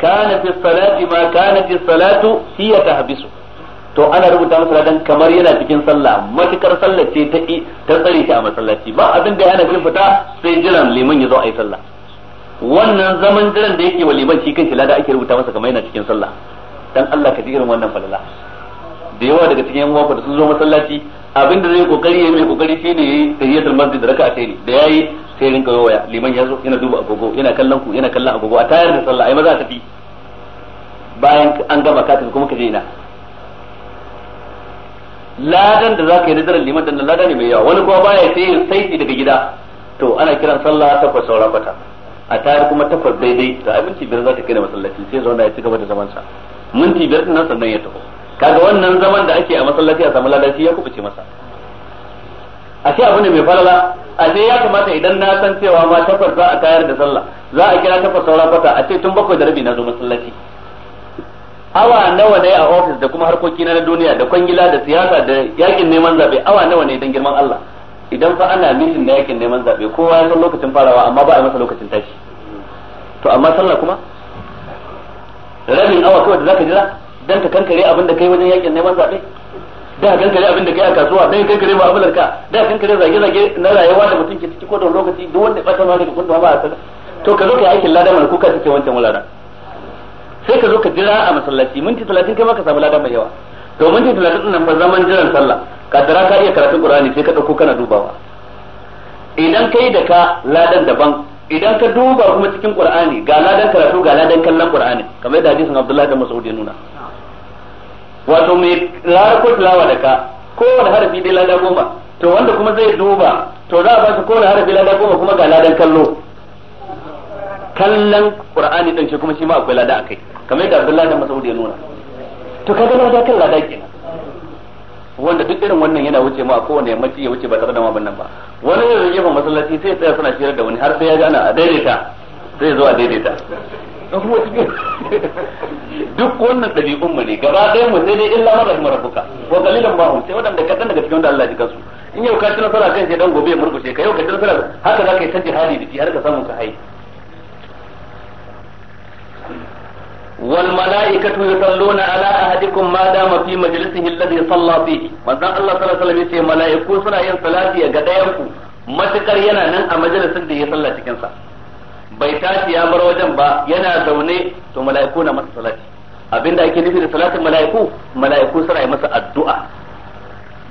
kana fi salati ma kana fi salatu hiya tahbisu to ana rubuta masa ladan kamar yana cikin sallah matukar sallar ce ta ta tsare shi a masallaci ba abin da yana fita sai jiran liman ya zo ayi sallah wannan zaman jiran da yake wa liman shi kanshi lada ake rubuta masa kamar yana cikin sallah dan Allah ka ji irin wannan falala da yawa daga cikin yan uwa da sun zo masallaci abin da zai kokari yayi mai kokari shine yayi tahiyatul masjid raka'a sai ne da yayi sai rinka waya liman ya zo yana duba agogo yana kallon ku yana kallon agogo a tayar da sallah ai maza tafi bayan an gama ka tafi kuma ka je ina ladan da zaka yi nazarin liman dan ladan ne mai yawa wani kuma baya sai sai saiti daga gida to ana kiran sallah takwas saura kwata a tayar kuma takwas daidai da abinci biyar za ta kai da masallaci sai zauna ya ci gaba da zaman sa minti biyar nan sannan ya tafi kaga wannan zaman da ake a masallaci a samu ladashi ya kubuce masa ashe abu ne mai falala ashe ya kamata idan na san cewa ma takwas za a tayar da sallah za a kira takwas saura kwata a ce tun bakwai da rabi na zo masallaci awa nawa ne a ofis da kuma harkoki na duniya da kwangila da siyasa da yakin neman zabe awa nawa ne don girman Allah idan fa ana mitin da yakin neman zabe kowa ya san lokacin farawa amma ba a masa lokacin tashi to amma sallah kuma rabin awa kawai da zaka jira dan ka kankare abin da kai wajen yakin neman zaɓe da ka kankare abin da kai a kasuwa dan ka kankare mu'amalar ka da ka kankare zage-zage na rayuwa da mutum ke ciki ko da lokaci duk wanda bata ma kun da ba a sana to ka zo ka yi aikin ladan mana kuka cikin wancan wulada. sai ka zo ka jira a masallaci minti talatin kai ma ka samu ladan mai yawa to minti talatin nan ba zaman jiran sallah ka dara ka iya karatun qur'ani sai ka dauko kana dubawa idan kai da ka ladan daban idan ka duba kuma cikin qur'ani ga ladan karatu ga ladan kallon qur'ani kamar yadda hadisin Abdullahi da Mas'ud ya nuna wato mai ko tilawa da ka kowane harafi dai lada goma to wanda kuma zai duba to za a ba shi kowane harafi lada goma kuma ga ladan kallo kallon qur'ani din ce kuma shi ma akwai lada akai kamar yadda Abdullahi da Mas'ud ya nuna to kaga lada kan lada kenan wanda duk irin wannan yana wuce ma a kowane yammaci ya wuce ba tare da ma bannan ba wani yanzu gefen masallaci sai tsaya suna shirar da wani har sai ya gana a daidaita sai zo a daidaita duk wannan ɗabi'un mu ne gaba ɗaya mu sai dai illa ma rahimar rabbuka ko qalilan ba mu sai wadanda kadan daga cikin wanda Allah ya su in yau ka ci nasara kan sai dan gobe ya murkushe ka yau ka ci nasara haka za ka yi ta jihadi da shi har ka samu ka hai wal mala'ikatu yusalluna ala ahadikum ma dama fi majlisihi alladhi salla fihi manzon Allah sallallahu alaihi wasallam ce mala'iku suna yin salati ga dayan ku matukar yana nan a majalisin da ya salla cikin sa bai tashi ya bar wajen ba yana zaune to mala'iku na masa salati abinda ake nufi da salatin mala'iku mala'iku suna yi masa addu'a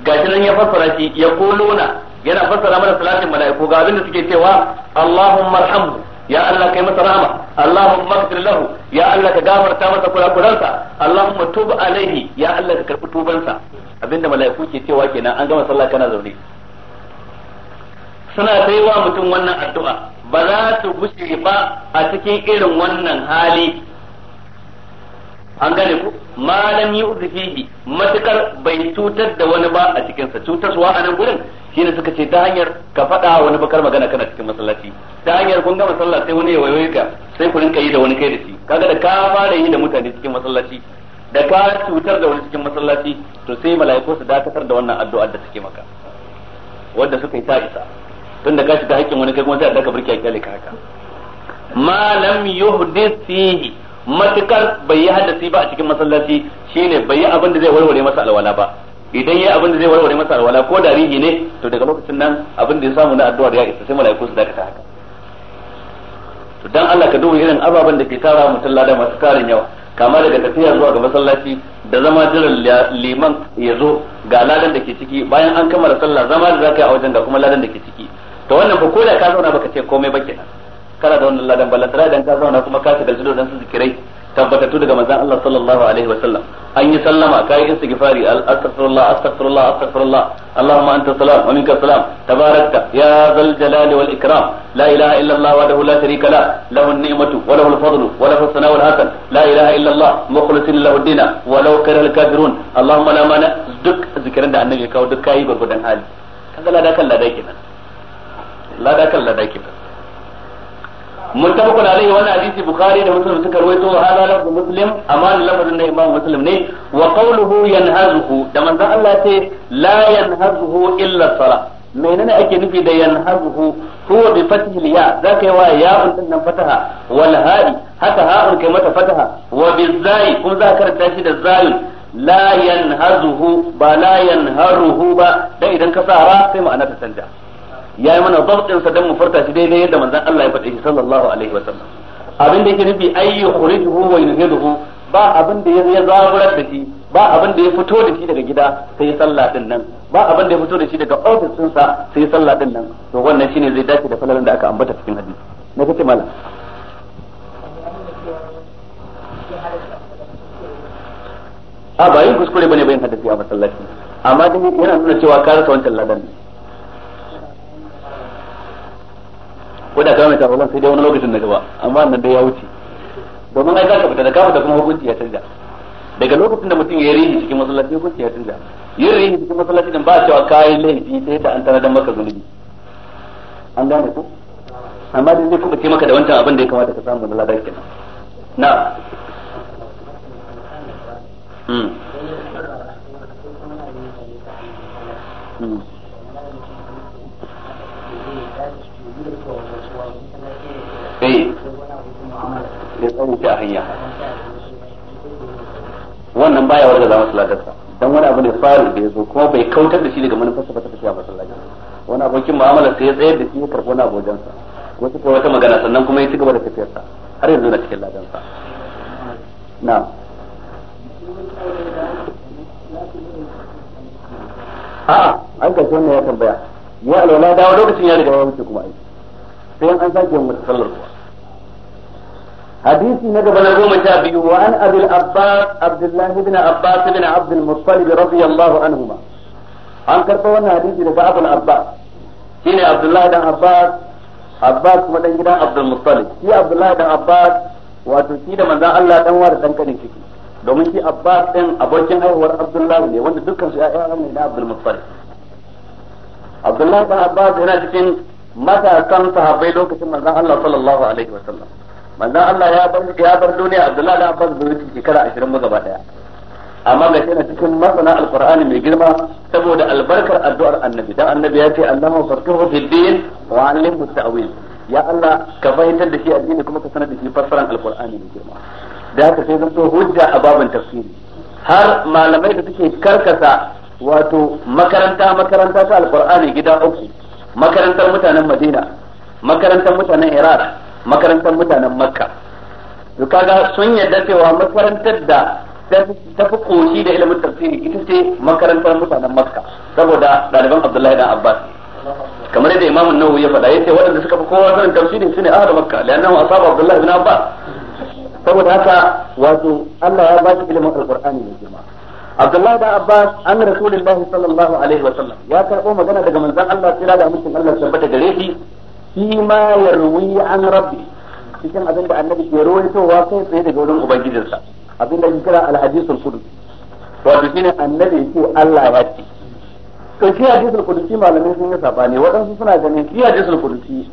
gashi nan ya fassara shi ya kuluna yana fassara mana salatin mala'iku ga abinda suke cewa Allahumma arhamhu ya Allah kai masa rahama Allahumma ighfir lahu ya Allah ka gafarta masa kurakuransa Allahumma tub alaihi ya Allah ka karbi tubansa abinda mala'iku ke cewa kenan an gama sallah kana zaune suna taiwa wa mutum wannan addu'a ba za su gushe ba a cikin irin wannan hali an gane ku malam yi uzufihi matukar bai cutar da wani ba a cikinsa cutarwa a nan gurin shine suka ce ta hanyar ka faɗa wani bakar magana kana cikin masallaci ta hanyar kun gama sallah sai wani ya wayoyi ka sai ku rinka yi da wani kai da shi kaga da ka fara yi da mutane cikin masallaci da ka cutar da wani cikin masallaci to sai mala'iku su dakatar da wannan addu'ar da suke maka wanda suka yi ta isa tunda ka shiga hakkin wani kai kuma sai a daka burki a kyale ka haka ma lam yuhdisihi matukar bai yi haddasi ba a cikin masallaci shine bai yi abin da zai warware masa alwala ba idan yayi abin da zai warware masa alwala ko rihi ne to daga lokacin nan abin da ya samu na addu'a ya isa sai mala'iku su dakata haka to dan Allah ka duba irin ababen da ke tara mutum lada masu tarin yawa kama daga tafiya zuwa ga masallaci da zama jiran liman ya zo ga ladan da ke ciki bayan an kammala sallah zama da zaka yi a wajen ga kuma ladan da ke ciki to wannan ba koda ka zauna baka ce komai ba kenan kana da wannan ladan ballan tare dan ka zauna kuma ka shiga zuwa dan su zikirai tabbatattu daga manzon Allah sallallahu alaihi wa sallam an yi sallama kai istighfari astaghfirullah astaghfirullah astaghfirullah allahumma anta salam wa minka salam tabarakta ya zal jalal wal ikram la ilaha illa allah wahdahu la sharika la lahu an-ni'matu wa lahu al-fadlu wa lahu as-sana'u hasan la ilaha illa allah mukhlishin lahu ad-din wa law karihal kafirun allahumma la mana duk zikiran da annabi ya kawo duk kai gurgudan hali kaga lada kan lada kenan lada kan lada kenan da alaihi wannan hadisi bukhari da muslim suka rawaito wa hada lafzu muslim amma lafazin na imam muslim ne wa qawluhu yanhazuhu da manzon Allah ce la yanhazuhu illa salat menene ake nufi da yanhazuhu huwa bi fathi ya zaka yawa wa din nan fataha wal ha'i haka ha'un kai mata fataha wa bi zai kuma za karanta shi da zai la yanhazuhu ba la yanharuhu ba dan idan ka sa ra sai ma'ana ta canja yayi mana dabtin sa dan mu farka shi daidai yadda manzon Allah ya faɗe shi sallallahu alaihi wasallam abin da yake nufi ay yukhrijuhu wa yunhiduhu ba abin da ya zaburar da shi ba abin da ya fito da shi daga gida sai sallah din nan ba abin da ya fito da shi daga ofis din sa sai sallah din nan to wannan shine zai dace da falalan da aka ambata cikin hadisi na kace mallam a ba yin kuskure bane bayin hadisi a masallaci amma dai yana nuna cewa ka rasa wancan ladan ne ko da ka mai tawalan sai dai wani lokacin na gaba amma nan dai ya wuce domin ai zaka fita da kafa da kuma hukunci ya canza daga lokacin da mutum ya rihi cikin masallaci hukunci ya canza yin rihi cikin masallaci dan ba cewa kayan laifi sai ta an tana da maka zunubi an gane ko amma dai zai kuma ce maka da wancan abin da ya kamata ka samu na ladan kenan na Hmm. hmm. sai ke a hanya wannan baya warga za masallatarsa dan wani abu ne faru da ya zo kuma bai kautar da shi daga manufarsa ba ta tafiya masallaci wani abokin mu'amala sai ya tsayar da shi ya karɓi wani abojansa ko suka wata magana sannan kuma ya ci gaba da tafiyarsa har yanzu na cikin ladansa na a'a an karshe wannan ya tambaya ya alwala dawo lokacin ya riga ya wuce kuma aiki sai an sake yin sallar kuwa حديثي نقب نقوم تابعي وعن أبي العباس عبد الله بن عباس بن عبد المطلب رضي الله عنهما عن كربونا حديثي لك أبو العباس هنا عبد الله بن عباس عباس مدن جدا عبد المطلب هي عبد الله بن عباس وتسيد من ذا الله دنوار دنكني كيكي domin shi Abbas din abokin haihuwar Abdullahi ne wanda dukkan su ƴaƴan ne na Abdul Muttalib Abdullahi bin Abbas yana cikin matasan sahabbai lokacin manzon Allah sallallahu alaihi wasallam manzan Allah ya bar ya bar duniya Abdullahi da Abbas bai wuce shekara 20 ba gaba daya amma ga yana cikin masana alqur'ani mai girma saboda albarkar addu'ar annabi dan annabi ya ce Allahu farqihu fil din wa 'allimhu ta'wil ya Allah ka fahimtar da shi addini kuma ka sanar da shi fassaran alqur'ani mai girma da haka sai zanto hujja a babin tafsiri har malamai da suke karkasa wato makaranta makaranta ta alqur'ani gida uku makarantar mutanen Madina makarantar mutanen Iraq makarantar mutanen makka to kaga sun yarda cewa makarantar da ta fi koshi da ilimin tafsiri ita ce makarantar mutanen makka saboda ɗaliban abdullahi dan abbas kamar yadda imam nawawi ya faɗa yace waɗanda suka fi kowa sanin tafsiri sune ahlu makka li'annahu asaba abdullahi bin abbas saboda haka wato Allah ya ba shi ilimin alqur'ani mai jama'a Abdullahi da Abbas an Rasulullahi sallallahu alaihi wa sallam ya karɓo magana daga manzon Allah sai da mutum Allah tabbata gare shi fi ya yarwi an rabbi cikin abin da annabi ke rawaitowa kai tsaye daga wurin ubangijinsa abin da kira alhadisul qudsi wato shine annabi ce Allah ya ce to shi hadisul qudsi malamai sun yi sabani waɗansu suna ganin shi hadisul qudsi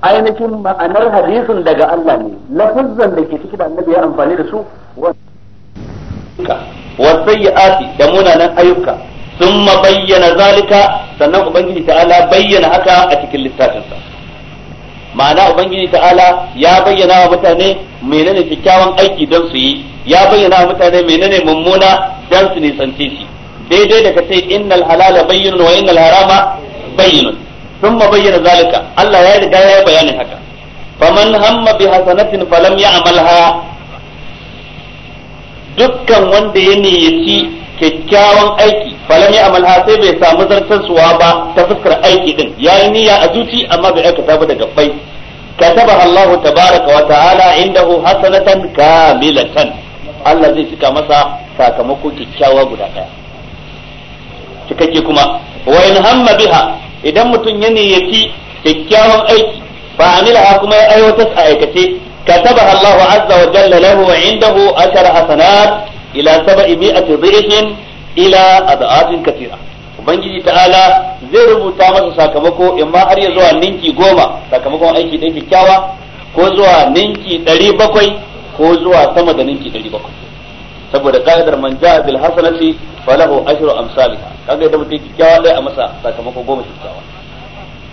ainihin ma'anar hadisin daga Allah ne lafazzan da ke cikin da annabi ya amfani da su wa sayyi'ati da munanan ayyuka sun bayyana zalika sannan ubangiji ta'ala bayyana haka a cikin littafinsa ma'ana ubangiji ta'ala ya bayyana wa mutane menene kyakkyawan aiki don su yi ya bayyana wa mutane menene mummuna don su nisance shi daidai da kace innal halala bayyinun wa innal harama sun ma bayyana zalika Allah ya riga ya bayyana haka faman hamma bi hasanatin falam ya'malha dukkan wanda ya niyyaci kyakkyawan aiki falam ya amalha sai bai samu suwa ba ta fuskar aiki din ya yi niyya a zuci amma bai aikata ba da bai كتبها الله تبارك وتعالى عنده حسنة كاملة الله زي سكا مسا ساكمكو كيكاوا غدا دايا cikakke kuma wa in hamma biha idan mutum ya niyyaci kyakkyawan aiki fa amilaha kuma ya aiwatar a aikace kataba Allahu azza wa jalla lahu wa indahu ashara hasanat ila sab'i ila ubangiji ta'ala zai rubuta masa sakamako in ma har ya zuwa ninki goma sakamakon aiki ɗaya kyakkyawa ko zuwa ninki ɗari bakwai ko zuwa sama da ninki ɗari bakwai saboda ka'idar man ja'a bil hasanati falahu ashru amsalha kaga idan mutum kyakkyawa ɗaya a masa sakamako goma kyakkyawa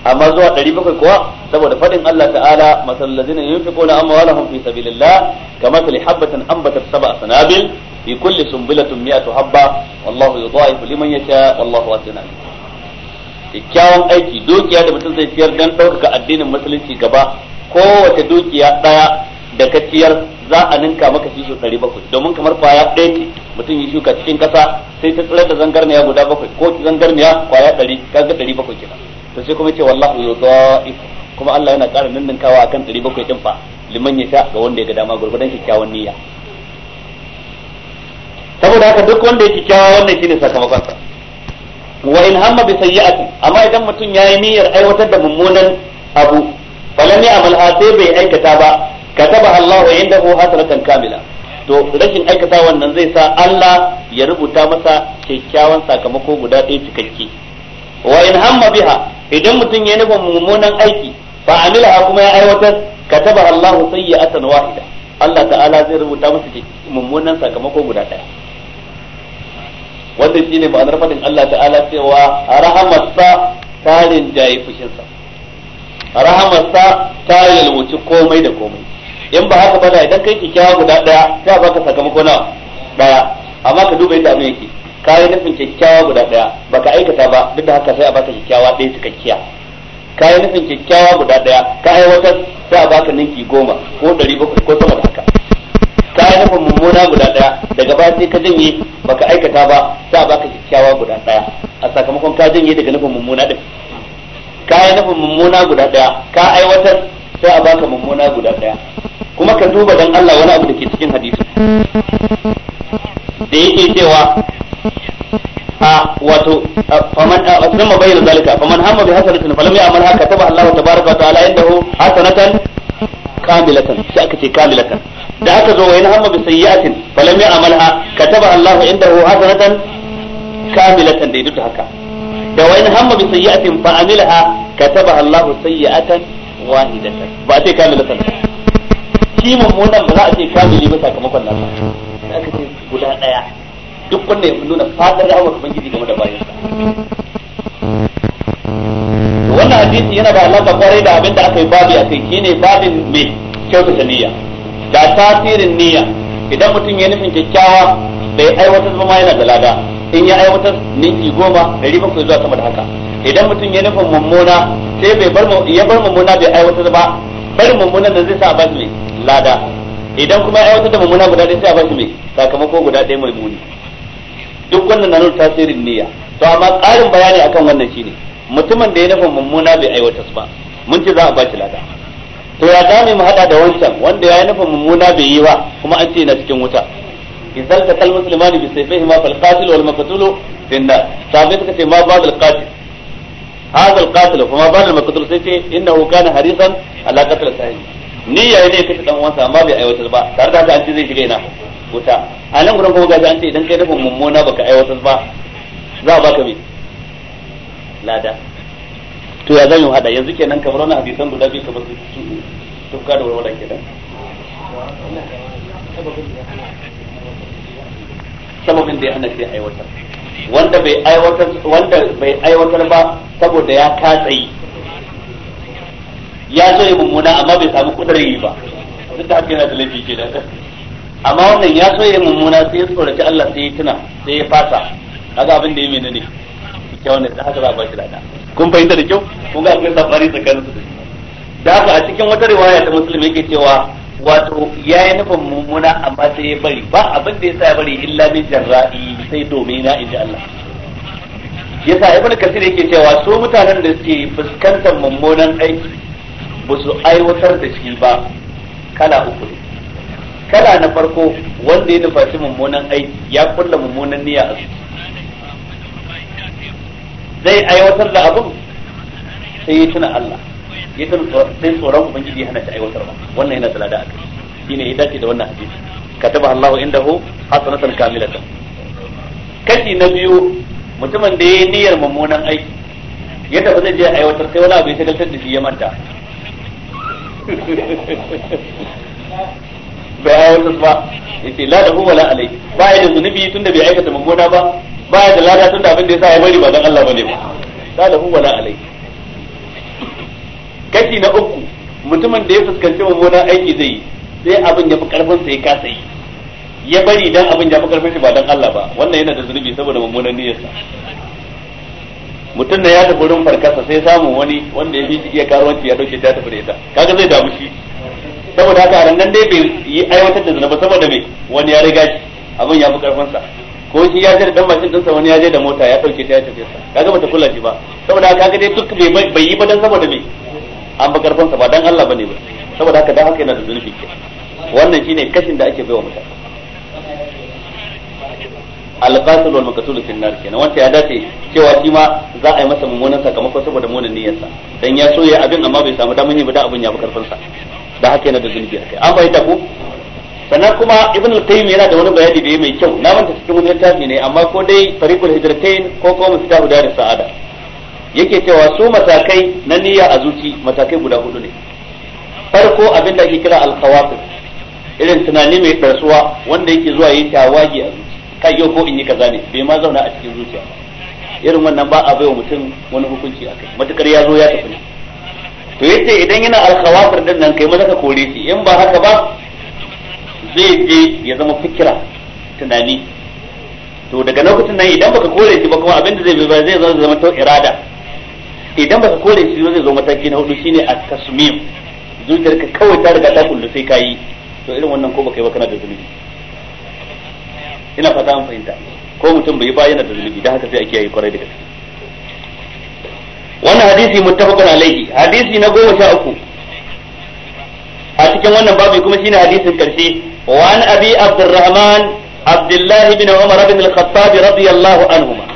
amma zuwa ɗari bakwai kuwa saboda faɗin Allah ta'ala masal ladina yunfiquna amwalahum fi sabilillah kamar tali habatin ambatat sab'a sanabil fi kulli sumbilatin mi'atu habba wallahu yudha'ifu liman yasha wallahu wasi'un kyakkyawan aiki dukiya da mutum zai ciyar dan ɗaukaka addinin musulunci gaba kowace dukiya ɗaya da ka ciyar za a ninka maka shi ɗari bakwai domin kamar kwaya ɗaya ce mutum ya shuka cikin ƙasa sai ta tsirar da zangarniya guda bakwai ko zangarniya kwaya ɗari kaga ɗari bakwai kenan to sai kuma ce wallahu yudha'ifu kuma Allah yana ƙara ninninkawa akan ɗari bakwai ɗin fa liman ya sha ga wanda ya ga dama gurgurdan kyakkyawan niyya saboda haka duk wanda ya kyakkyawa wannan shine sakamakonsa wa in hamma bi sayyi'ati amma idan mutum yayi niyyar aiwatar da mummunan abu falam amal sai bai aikata ba kataba Allahu indahu hasanatan kamila to rashin aikata wannan zai sa Allah ya rubuta masa kyakkyawan sakamako guda ɗaya cikakke wa in hamma biha idan mutum ya nufa mummunan aiki fa amila kuma ya aiwatar kataba Allah sayyi'atan wahida Allah ta'ala zai rubuta masa mummunan sakamako guda ɗaya shi ne ma'anar fadin Allah ta'ala cewa rahamarsa ta rinjaye fushinsa rahamarsa ta yalwaci komai da komai in ba haka bana idan kai kikkiawa guda daya ba baka sakamako na ɗaya amma ka duba yadda yake ka yi nufin kyakkyawa guda ɗaya baka aikata ba duk da haka sai a baka kyakkyawa ɗaya cikakkiya ka yi nufin kyakkyawa guda ɗaya ka aiwatar sai a baka ninki goma ko ɗari bakwai ko sama da haka ka yi nufin mummuna guda daya daga baya sai ka janye baka aikata ba sa baka kyakkyawa guda daya a sakamakon ka janye daga nufin mummuna din ka yi nufin mummuna guda daya ka aiwatar sai a baka mummuna guda daya kuma ka duba dan Allah wani abu da ke cikin hadisi da yake cewa a wato faman a sunan mabayyin zalika faman hamma bi hasanatin falam ya'mal haka taba Allah tabaraka wa ta'ala indahu hasanatan kamilatan sai aka ce kamilatan da aka zo wa in hamma bi sayyi'atin falam ya'malha kataba Allahu indahu hasanatan kamilatan da idu haka da wa in hamma bi sayyi'atin fa amilha kataba Allahu sayyi'atan wahidatan ba sai kamilatan shi mummunan ba za a ce kamili ba sakamakon nan ba aka ce guda daya duk wanda ya nuna fadar rahmar ubangiji game da bayansa hadisi yana da alaka kwarai da abin da aka yi babi a kai shine babin mai kyautata niyya da tasirin niyya idan mutum ya nufin kyakkyawa ya aiwatar ba ma yana da lada in ya aiwatar ninki goma ɗari bakwai zuwa sama da haka idan mutum ya nufin mummuna sai bai bar ya bar mummuna bai aiwatar ba bari mummuna da zai sa ba shi lada idan kuma ya aiwatar da mummuna guda ɗaya sai a ba shi mai sakamako guda ɗaya mai muni duk wannan na nuna tasirin niyya to amma ƙarin bayani akan wannan shine ne mutumin da ya nufin mummuna bai aiwatar ba mun ce za a ba shi lada to ya za mu hada da wancan wanda ya nufin mummuna bai yi ba kuma an ce na cikin wuta idan ta kalmar musulmani bi sai fahima fal qatil wal maqtul finna sabai suka ce ma ba al qatil hada al qatil kuma ba al maqtul sai ce innahu kana harisan ala qatl sahibi niyya ne kace dan uwansa amma bai aiwatar ba tare da haka an ce zai shiga ina wuta a nan gurin kuma ga an ce idan kai nufin mummuna baka aiwatar ba za a baka bi. lada to ya zan yi hada yanzu kenan kamar wani hadisan guda biyu kamar su tufka da warwara kenan sababin da ya hana sai aiwatar wanda bai aiwatar wanda bai aiwatar ba saboda ya katsayi ya zo ya mummuna amma bai samu kudurin yi ba duk da haka yana da laifi ke da amma wannan ya so ya mummuna sai ya tsoraci Allah sai ya tuna sai ya fasa kaga abin da ya menene ne kyawun da haka za a bashi lada kun fahimta da kyau kun ga akwai safari tsakanin su da haka a cikin wata riwaya ta musulmi yake cewa wato ya yi nufin mummuna amma sai ya bari ba abin da ya sa ya bari illa min jarra'i sai domin na inji Allah ya sa ibn kasir yake cewa su mutanen da suke fuskantar mummunan aiki ba su aiwatar da shi ba kala uku ne kala na farko wanda ya shi mummunan aiki ya kulla mummunan niyya a zai aiwatar da abin sai ya tuna Allah ya tuna sai tsoron ubangiji hana shi aiwatar ba wannan yana da aka shi ne ya dace da wannan hadisi kataba Allahu indahu hasanatan kamilatan kashi na biyu mutumin da ya yi niyyar mummunan aiki ya tafi zai je aiwatar sai wani abu ya shagaltar da shi ya manta bai aiwatar ba ce la da huwa la alai ba ya da zunubi tunda bai aikata mummuna ba baya da lada da abin da yasa ya bari ba dan Allah bane ba salahu wala alai kashi na uku mutumin da ya fuskanci mummunan aiki zai sai abin ya fi karfin sa ya kasa yi ya bari dan abin ya fi karfin shi ba dan Allah ba wannan yana da zunubi saboda mummunan niyyarsa mutum da ya tafi wurin farkasa sai samu wani wanda ya fi iya karuwanci ya dauke ta tafi da ita kaga zai damu shi saboda haka a nan dai bai yi aiwatar da zunubi saboda me wani ya riga shi abin ya fi karfin sa ko shi ya je da dan mashin dinsa wani ya je da mota ya dauke ta ya tafi sa kaga bata kula shi ba saboda haka kaga dai duk bai bai yi ba dan saboda me an ba karfin sa ba dan Allah bane ba saboda haka dan haka yana da zunubi ke wannan shine kashin da ake baiwa mutane alqatul wal maqtul fi nar kenan wanda ya dace cewa shi ma za a yi masa mummunan sakamako saboda munin niyyarsa dan ya so ya abin amma bai samu damin yi ba da abin ya ba karfin sa da haka yana da zunubi an bai ta ku sannan kuma ibn al-qayyim yana da wani bayani da ya mai kyau na manta cikin wani littafi ne amma ko dai tariqul hijratain ko ko mustahu da sa'ada yake cewa su matakai na niyya a zuci matakai guda hudu ne farko abin da ake kira al-khawatir irin tunani mai tsarsuwa wanda yake zuwa yi tawagi a zuci kai yau ko in yi kaza ne bai ma zauna a cikin zuciya irin wannan ba a baiwa mutum wani hukunci akai matukar ya zo ya tafi to yace idan yana al-khawatir din nan kai ma ka kore shi in ba haka ba zai je ya zama fikira tunani to daga lokacin nan idan baka kore shi ba kuma abin da zai bi ba zai zo zama ta irada idan baka kore shi zai zo mataki na hudu shine a tasmim ka kawai ta riga ta kullu sai kayi to irin wannan ko baka yi ba kana da zulubi ina fata an fahimta ko mutum bai ba yana da zulubi dan haka sai a kiyaye kwarai da gaske wannan hadisi muttafaqun alaihi hadisi na goma sha uku a cikin wannan babu kuma shine hadisin karshe وعن أبي عبد الرحمن عبد الله بن عمر بن الخطاب رضي الله عنهما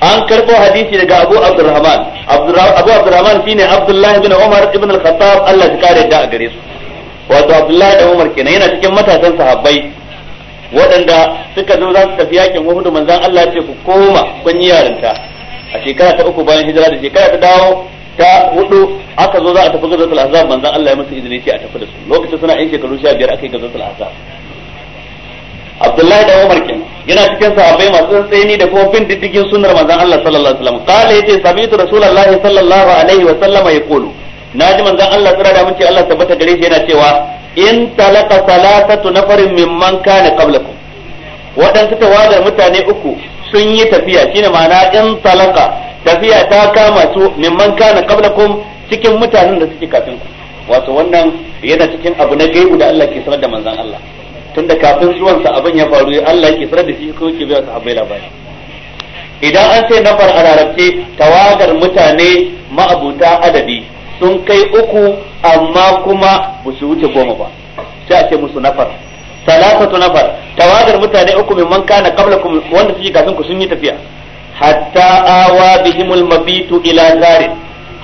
an karbo hadisi daga Abu Abdurrahman Abu Abdurrahman shine Abdullah ibn Umar ibn al-Khattab Allah ya kare da a gare su wato Abdullah da Umar kenan yana cikin matasan sahabbai waɗanda suka zo za su tafi yakin Uhud manzon Allah ya ce ku koma kun yi yarinta a shekara ta uku bayan hijira da shekara ta dawo ta hudu aka zo za a tafi gazatul azab manzon Allah ya masa izini sai a tafi da su lokacin suna yin shekaru 15 akai gazatul azab Abdullahi da Umar kin yana cikin sahabbai masu tsaini da kuma bin diddigin sunnar manzon Allah sallallahu alaihi wasallam qala yace sabitu rasulullahi sallallahu alaihi wasallam kulu naji manzon Allah tsara da muke Allah tabbata gare shi yana cewa in talaka salatatu nafarin mimman kana qablakum waɗansu tawagar mutane uku sun yi tafiya shine ma'ana in talaka tafiya ta kama su mimman kana qablakum cikin mutanen da suke kafin ku wato wannan yana cikin abu na gaibu da Allah ke sanar da manzon Allah tunda kafin zuwan sa abin ya faru Allah ke sanar da shi ko ke biya sahabbai labari idan an ce na a larabce tawagar mutane ma'abuta adadi sun kai uku amma kuma ba wuce goma ba sai a ce musu nafar salatatu nafar tawadar mutane uku min man kana qablakum wanda suke kafin ku sun yi tafiya hatta awa bihimul mabitu ila zarin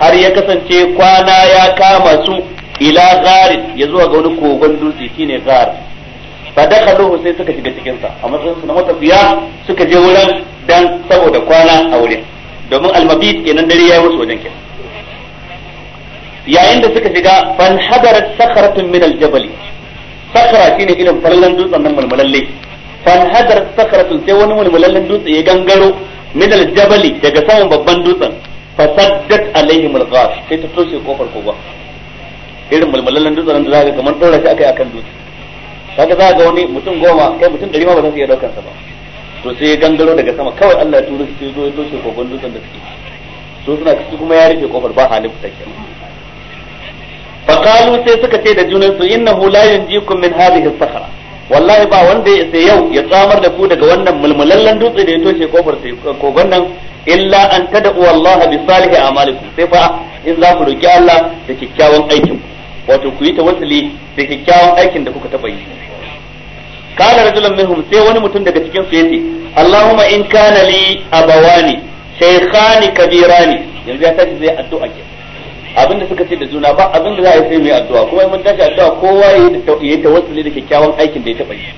har ya kasance kwana ya kama su ila zarin ya zuwa ga wani kogon dutse shine zar fa dakhaluhu sai suka shiga cikin sa a matsayin su na matafiya suka je wurin dan saboda kwana a wurin domin almabit kenan dare yayi musu wajen kenan yayin da suka shiga fan hadarat sakharatun min aljabali sakara shine irin falallan dutsen nan mulmulalle fan hadar sakaratun sai wani mulmulallen dutse ya gangaro min aljabali daga saman babban dutsen saddat alaihim alghar sai ta toshe kofar kogo irin mulmulallen dutsen da zaka kamar dora shi akai akan dutse kaga za ga wani mutum goma kai mutum dari ma ba za su iya daukar sa ba to sai ya gangaro daga sama kawai Allah ya turo shi zo ya toshe kogon dutsen da suke so suna kici kuma ya rufe kofar ba halin fita qalu sai suka ce da junan su innahu la yunjikum min hadhihi as-sakhra wallahi ba wanda ya sai yau ya tsamar da ku daga wannan mulmulallen dutse da ya toshe kofar eh, kogon nan illa an tad'u Allah bi salihi a'malikum sai fa in za ku roki Allah da kyakkyawan aikin wato ku yi tawassuli da kyakkyawan aikin da kuka taba yi kala rajulun minhum sai wani mutum daga cikin su yace Allahumma in kana li abawani shaykhani kabirani yanzu ya tashi zai addu'a ke abinda suka ce da juna ba abinda za a yi sai mai addu'a kuma mun tashi addu'a kowa yi da yayi tawassuli da kyakkyawan aikin da ya taba yi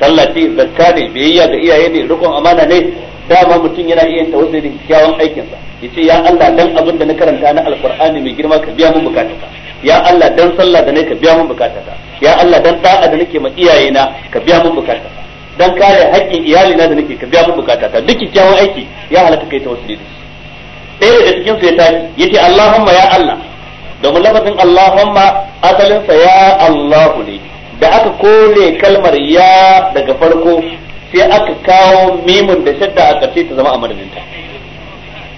sallah ce zakka ne biyayya ga iyaye ne rukun amana ne dama mutum yana iya tawassuli da kyakkyawan aikin sa yace ya Allah dan abin da na karanta na alqur'ani mai girma ka biya mun bukatata ya Allah dan sallah da ne ka biya mun bukatata ya Allah dan da'a da nake ma iyaye na ka biya mun bukatata dan kare haƙƙin iyalina da nake ka biya mun bukatata duk kyakkyawan aiki ya halaka kai tawassuli da shi ɗaya da cikin sai ya tashi yace Allahumma ya Allah domin lafazin Allahumma asalin sa ya Allahu ne da aka kore kalmar ya daga farko sai aka kawo mimun da shadda a ƙarshe ta zama a madadinta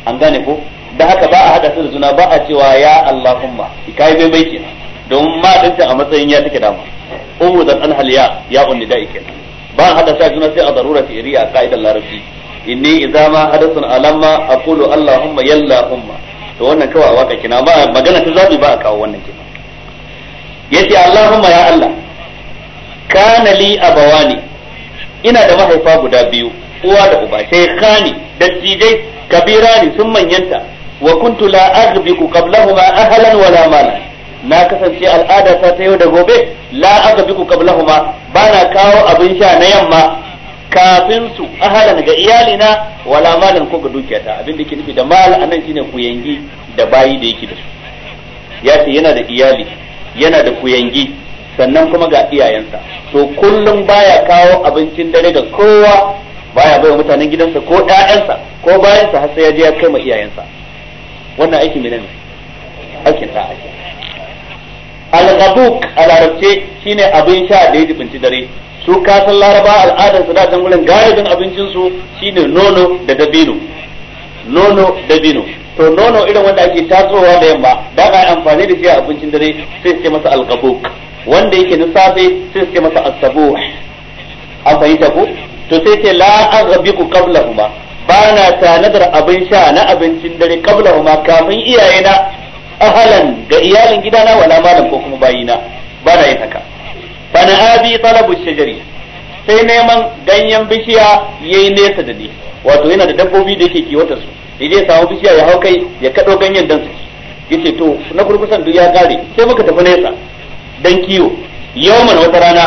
an gane ko da haka ba a hada su da suna ba a cewa ya Allahumma kai bai bai kenan don ma dinta a matsayin ya take dama umudan an hal ya ya unni da'i kenan ba a hada sa juna sai a darura iriya qaidan larabi inni idza ma hadathun alamma aqulu allahumma yalla umma to wannan kawai a waka kina ba magana ta zabi ba a kawo wannan kina yace allahumma ya allah kana li abawani ina da mahaifa guda biyu uwa da uba sai khani dattijai kabirani sun manyanta wa kuntu la aghbiku qablahuma ahlan wala mala na kasance al'ada ta ta yau da gobe la aghbiku qablahuma na kawo abin sha na yamma kafin su ahalan ga na, wala malan ko ga dukiyata abin da ke nufi da mal anan shine kuyangi da bayi da yake da su ya ce yana da iyali yana da kuyangi sannan kuma ga iyayensa to kullum baya kawo abincin dare ga kowa baya bai mutanen gidansa ko ɗayansa ko bayansa har sai ya je ya kai ma iyayensa wannan aiki ne nan aikin ta aiki al-ghabuk al larabce shine abin sha da ya dare su kasan laraba al'adar su da can gurin galibin abincin su shine nono da dabino nono dabino to nono irin wanda ake tatsowa da yamma da ana amfani da shi a abincin dare sai sai masa alqabuk wanda yake na safe sai sai masa asabu an fahimta ko to sai ce la aghbiqu qablahuma ba na tanadar abin sha na abincin dare qablahuma kafin iyayena ahalan ga iyalin gidana wala malam ko kuma bayina ba na yin haka fana abi talabu shajari sai neman ganyen bishiya yayi nesa da ni wato yana da dabbobi da yake kiwata su yaje samu bishiya ya hau kai ya kado ganyen dan su yace to na kurkusan duk ya kare sai muka tafi nesa dan kiwo mana wata rana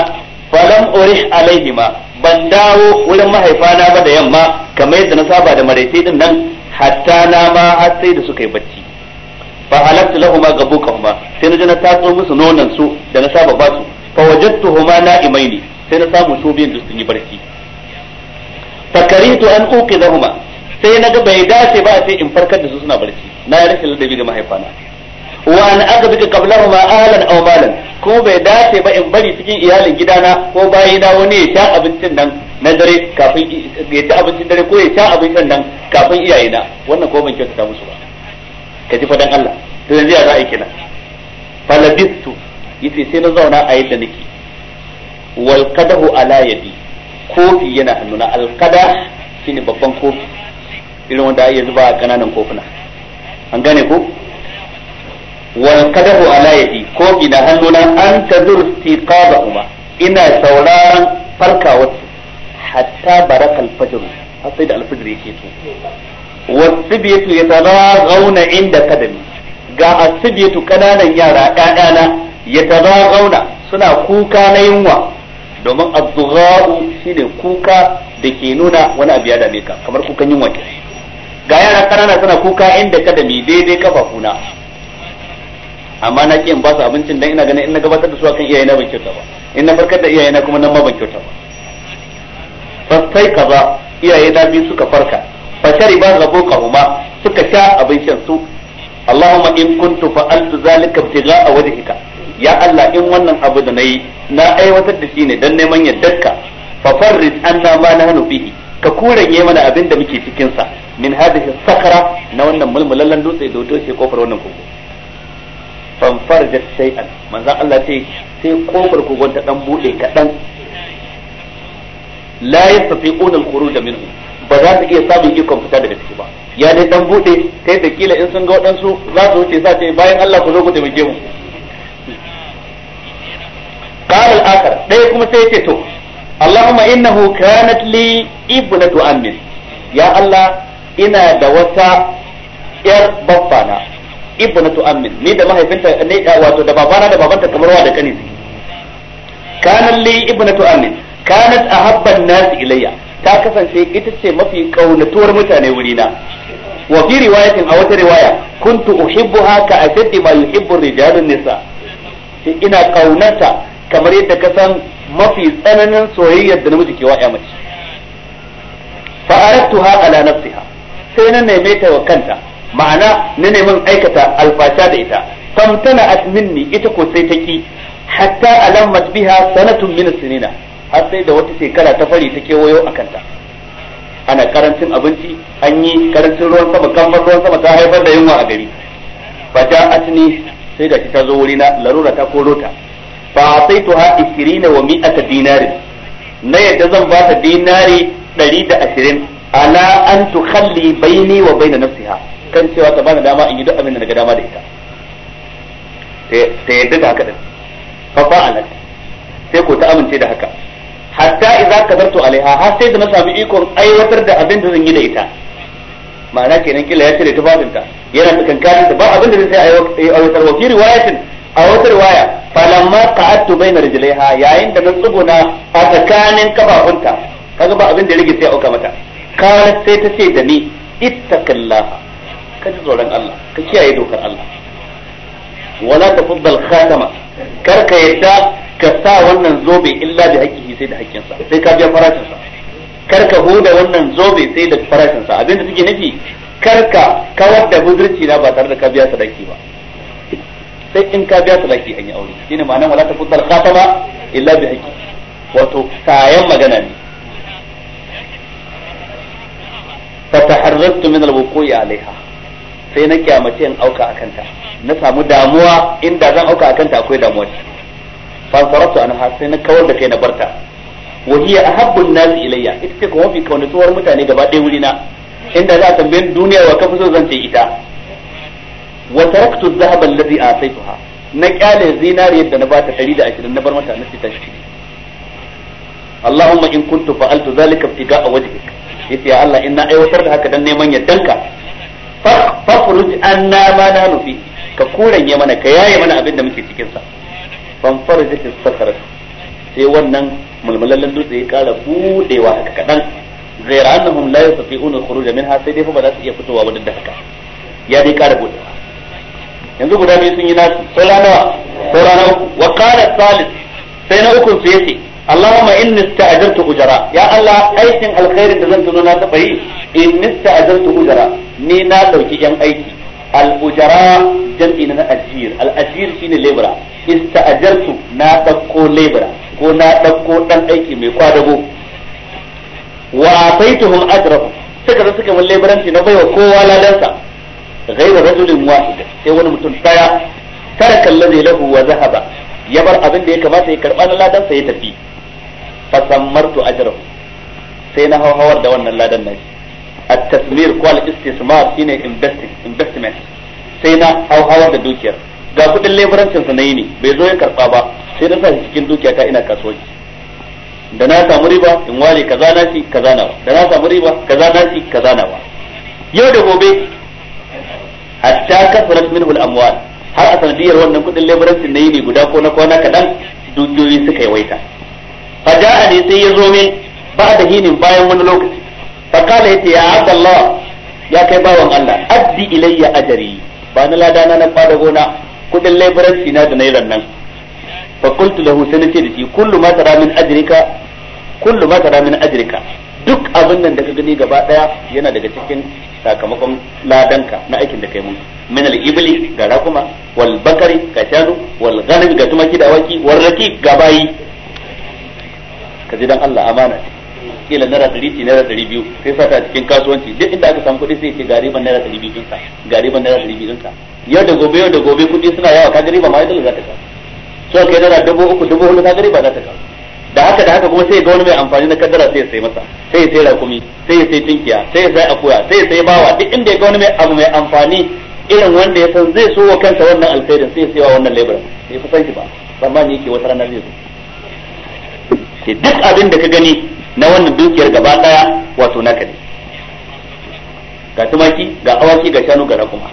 falam urih alaihima ban dawo wurin mahaifana ba da yamma kamar yadda na saba da maraice din nan hatta na ma har sai da suka yi bacci fa halaktu lahuma ba sai na je na tatso musu nonan su da na saba ba su fa wajadtuhuma na'imaini sai na samu su biyun sun yi barci fa karitu an uqidahuma sai na ga bai dace ba sai in farkar da su suna barci na yi rashin ladabi ga mahaifana wa an aga bika qablahuma ahlan aw malan ko bai dace ba in bari cikin iyalin gidana ko bayina wani ya sha abincin nan na dare kafin ya ci abincin dare ko ya sha abincin nan kafin iyayena wannan ko ban kyautata musu ba ka fa dan Allah to yanzu ya za a yi kenan falabistu yace sai na zauna a yadda nake wal qadahu ala yadi kofi yana hannuna al qadah shine babban kofi irin wanda ya zuba a kananan kofuna an gane ko wal qadahu ala yadi kofi na hannuna an tadur istiqabahuma ina sauraron wasu. hatta baraka al fajr har sai da al fajr yake to wasibiyatu yatalagauna inda kadami ga asibiyatu kananan yara ƴaƴana yatazaghawna suna kuka na yunwa domin addu'a'u shine kuka da ke nuna wani abu ya dame ka kamar kukan yunwa ke ga yara kanana suna kuka inda ka da mi daidai kafafuna amma na ƙin ba su abincin dan ina ganin in na gabatar da su akan iyayena ban kyauta ba in na farkar da iyayena kuma nan ma ban kyauta ba ka kaza iyaye na biyu suka farka fashari ba zabo kahuma suka sha abincin su Allahumma in kuntu fa'altu zalika ibtigha'a wajhika ya Allah in wannan abu da nayi na aiwatar da shi ne dan neman yaddarka fa farrij anna ma nahnu bihi ka koranye mana abin da muke cikin sa min hadhihi sakara na wannan mulmulallan dutse da wato shi kofar wannan kogo fanfar da shay'an manzo Allah ce sai kofar kogon ta dan bude dan la yastafiqun al-khuruj minhu ba za su iya samun ikon fita daga ciki ba ya dai dan bude kai da kila in sun ga waɗansu za su wuce sa ce bayan Allah ku zo ku taimake mu قال الآخر ɗaya kuma sai ce اللهم إنه كانت لي ابنة يا الله kamar wa da kani kana li ibnatu ilayya ta kasance ita ce mafi kaunatuwar mutane wuri na wa a wata riwaya kuntu uhibbuha ka ashaddi ma yuhibbu rijalun nisa ina kamar yadda ka san mafi tsananin soyayyar da namiji ke wa ya mace fa ha ala nafsiha sai na neme ta wa kanta ma'ana na neman aikata alfasha da ita famtana at minni ita ko sai ta ki hatta alammat biha sanatun min sinina har sai da wata shekara ta fari ta kewayo a kanta ana karancin abinci an yi karancin ruwan sama kamar ruwan sama ta haifar da yunwa a gari fa ja'atni sai da ta zo wurina larura ta koro ta fa ataituha 20 wa mi'ata dinari. na yadda zan ba ta dinari 120 ala an tukhalli baini wa baina nafsiha kan cewa ta bani dama in yi duk abin da daga dama da ita ta yadda ta haka din fa fa'alat sai ko ta amince da haka hatta idza kadartu alaiha har sai da na sami ikon aiwatar da abin da zan yi da ita ma'ana kenan kila ya cire tufafinta yana tsakankanin da ba abin da zai sai aiwatar wa fi riwayatin a wata riwaya falamma qa'attu baina rijlaiha yayin da na tsuguna a tsakanin kafafunta kaga ba abin da rage sai auka mata kana sai ta ce da ni ittaqillaha ka ji tsoron Allah ka kiyaye dokar Allah wala tafaddal khatama kar ka yadda ka sa wannan zobe illa bi haqqihi sai da haƙƙinsa sai ka biya farashinsa kar ka huda wannan zobe sai da farashinsa abinda take nufi kar ka kawar da budurci na ba tare da ka biya sadaki ba sai in ka biya talaki an yi aure shine ma'anar wala tafuddal khatama illa bi haqqi wato kayan magana ne fa taharrartu min al-wuqu'i 'alayha sai na kyamace in auka akan ta na samu damuwa inda zan auka akan ta akwai damuwa fa an anha sai na kawar da kai na barta wa hiya ahabbu an-nas ilayya ita ce kuma fi kaunatuwar mutane gaba ɗaya wurina inda za a tambaye duniya wa kafin so zan ce ita wa taraktu adh-dhahab alladhi a'taytuha na kyale zinariyar da na bata 120 na bar mata na fita shi Allahumma in kuntu fa'altu zalika ibtiga'a wajhik yace ya Allah inna aiwatar da haka dan neman yaddanka fa fakhruj anna ma na nufi ka kuranye mana ka yaye mana abin da muke cikin sa fanfarajat as-sakarat sai wannan mulmulallen dutse ya kara budewa haka kadan ghayra annahum la yastati'una al minha sai dai fa ba za su iya fitowa ba da haka ya dai kara budewa yanzu guda biyu sun yi nasu saura nawa saura na uku wa salis sai na uku su yace Allahumma inni ista'jartu ujara ya Allah aikin alkhairin da zan tuno na taba yi inni ista'jartu ujara ni na dauki yan aiki al ujara jam'i na ajir al ajir shine labor ista'jartu na dauko labor ko na dauko dan aiki mai kwadago wa ataituhum ajra suka zo suka mun laboranci na baiwa kowa ladansa ghayra rajulin wahid sai wani mutum daya taraka allazi lahu wa zahaba ya bar abin da ya kamata ya karba na ladan sa ya tafi fa sammartu ajrahu sai na hawar da wannan ladan nan at-tasmir qual istismar shine investment sai na hawar da dukiyar ga kudin leburancin sa nayi ne bai zo ya karba ba sai na sa cikin dukiya ta ina kasuwanci da na samu riba in wale kaza na shi kaza na da na samu riba kaza na shi kaza na yau da gobe hatta kasarat minhu al-amwal har a sanadiyar wannan kudin leburancin na yini guda ko na kwana kadan dukiyoyi suka yawaita faja'a ne sai ya zo min ba da hinin bayan wani lokaci fa kala yace ya abdallah ya kai bawan Allah addi ilayya ajari ba na lada na na kwada gona kudin leburanci na da nairan nan fa qultu lahu sai nace da shi kullu ma tara min ajrika kullu ma tara min ajrika duk abin nan da ka gani gaba daya yana daga cikin sakamakon ladanka na aikin da kai mun min al-ibli ga rakuma wal bakari ga shanu wal ghanam ga tumaki da waki wal raki ga bayi ka ji dan Allah amana kila naira ɗari ce naira ɗari biyu sai sa ta cikin kasuwanci duk inda aka samu kuɗi sai ce ga riban naira ɗari biyu ɗinka ga riban naira ɗari biyu ɗinka yau da gobe yau da gobe kuɗi suna yawa ka riba ma yadda za ta ka so kai naira dubu uku dubu hudu ka riba za ta ka da haka da haka kuma sai ga wani mai amfani na kaddara sai ya sai masa sai ya sai rakumi sai ya sai tinkiya sai ya sai akuya sai ya sai bawa duk inda ya ga wani mai abu mai amfani irin wanda ya san zai so wa kansa wannan alkhairin sai ya sai wa wannan labarin sai fa sanki shi ba tsammani yake wata ranar zai zo ke duk abin da ka gani na wannan dukiyar gaba daya wato naka ne ga tumaki ga awaki ga shanu ga rakuma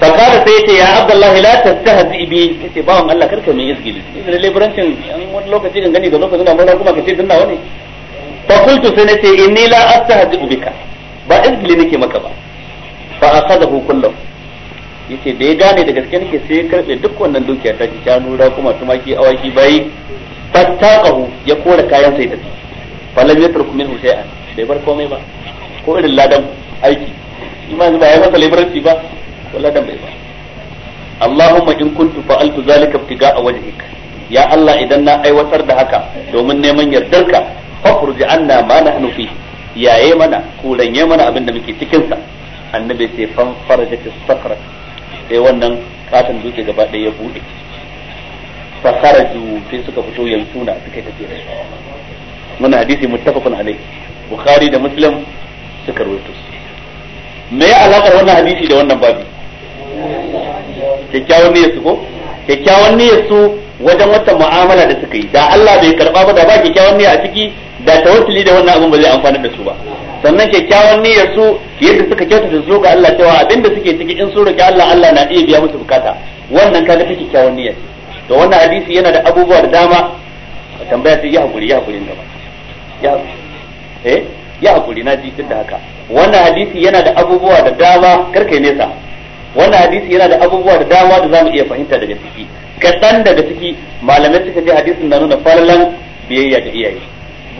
fa kada sai ce ya abdullahi la tastahzi bi kace bawon Allah karka mai isgili da leburancin an wani lokaci kan gani ga lokacin da mun kuma kace dinna wani fa qultu sai nace inni la astahzi bika ba isgili nake maka ba fa akhadahu kullahu yace da ya gane da gaske nake sai ya karbe duk wannan dukiya ta ci shanu kuma tumaki awaki bayi fattaqahu ya kore kayan sai tafi falam yatruku minhu shay'an bai bar komai ba ko irin ladan aiki imani ba ya masa labaranci ba to ladan bai ba Allahumma in kuntu fa'altu zalika ibtiga'a wajhik ya Allah idan na aiwatar da haka domin neman yardarka fa furji anna ma nahnu fi yaye mana kuranye mana abin da muke cikin sa annabi sai fan farajat as-sakra sai wannan katon duke gaba ɗaya ya bude fa kharaju sai suka fito yansuna suka tafi da shi wannan hadisi muttafaqun alayhi bukhari da muslim suka rawaito me ya alaka wannan hadisi da wannan babi kyakkyawan niyyar su ko kyakkyawan niyyar su wajen wata mu'amala da suka yi da Allah bai karba ba da ba kyakkyawan niyya a ciki da tawassuli da wannan abin ba zai amfana da su ba sannan kyakkyawan niyyar su yadda suka kyautata su ga Allah cewa abinda suke ciki in sun roki Allah Allah na iya biya musu bukata wannan kaga take kyakkyawan niyya to wannan hadisi yana da abubuwa da dama tambaya sai ya hakuri ya hakuri ba ya eh ya hakuri na ji duk da haka wannan hadisi yana da abubuwa da dama karkai nesa wannan hadisi yana da abubuwa da dama da zamu iya fahimta daga ciki kaɗan daga ciki malamai suka ji hadisin na nuna falalan biyayya ga iyaye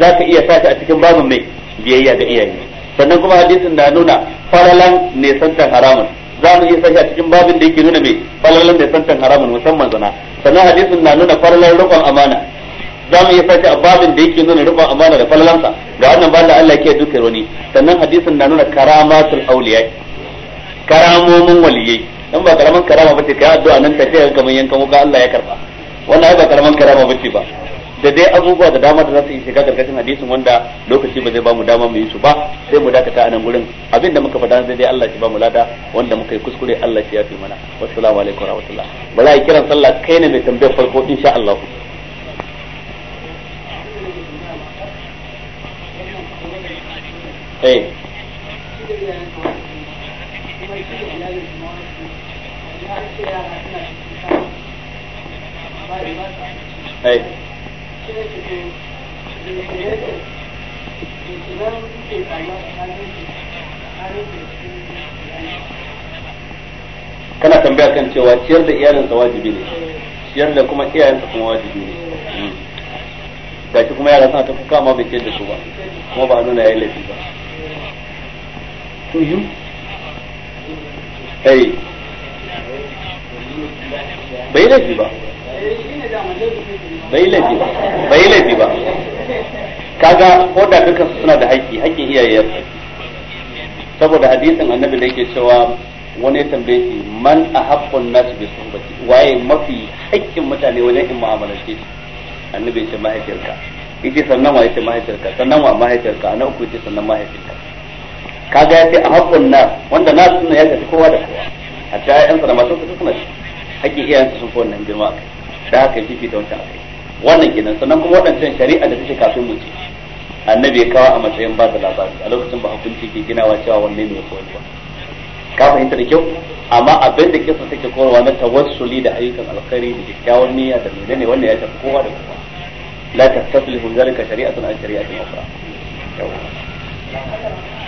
za ka iya sashi a cikin babin mai biyayya ga iyaye sannan kuma hadisin na nuna falalan nesantan haramun za mu iya sashi a cikin babin da yake nuna mai falalan nesantan haramun musamman zana sannan hadisin na nuna falalan rukun amana za mu iya sashi a babin da yake nuna rukun amana da falalansa ga wannan ba da Allah ke dukkan roni sannan hadisin na nuna karamatul auliyai karamomin waliyai in ba karaman karama bace kai addu'a nan ta ce kamar yankan wuka Allah ya karba wannan ba karaman karama bace ba da dai abubuwa da dama da za su yi shiga karkashin hadisin wanda lokaci ba zai ba mu dama mu yi su ba sai mu dakata a nan gurin abin da muka faɗa zai dai Allah shi ba mu lada wanda muka yi kuskure Allah shi ya fi mana wassalamu alaikum bala yi kiran sallah kai ne mai tambayar farko insha Allah eh. kana tambaya kan cewa ciyar da iyalinsa wajibi ne ciyar da kuma iyayensa kuma wajibi ne hmm. shi kuma yara suna ta kuka ma bai ciyar da su ba kuma ba a nuna ya yi laifi ba to eh bai laifi ba bai laifi ba bai laifi ba kaga koda da duka suna da haƙƙi haƙƙin iyaye saboda hadisin annabi da yake cewa wani tambaye shi man a haƙƙon nasu bi suhbati waye mafi haƙƙin mutane wajen in mu'amalarce shi annabi ya ce mahaifiyarka ita sannan wa ita mahaifiyarka sannan wa mahaifiyarka na uku ita sannan mahaifiyarka kaga ya ce a haƙƙun na wanda na suna ya tafi kowa da kowa a ta sa da masu su suna shi haƙƙin iyayensa sun fi wannan girma da haka yi fifita wancan akai wannan kenan sannan kuma waɗancan shari'a da take kafin mu ce annabi ya kawo a matsayin ba da labari a lokacin ba hukunci ke ginawa cewa wanne ne ya koyi ba ka fahimta da kyau amma abin da kisa take koyarwa na tawassuli da ayyukan alkhairi da kyakkyawan niyya da menene wannan ya tafi kowa da kowa la tastaslihu zalika shari'atun an shari'atin ukhra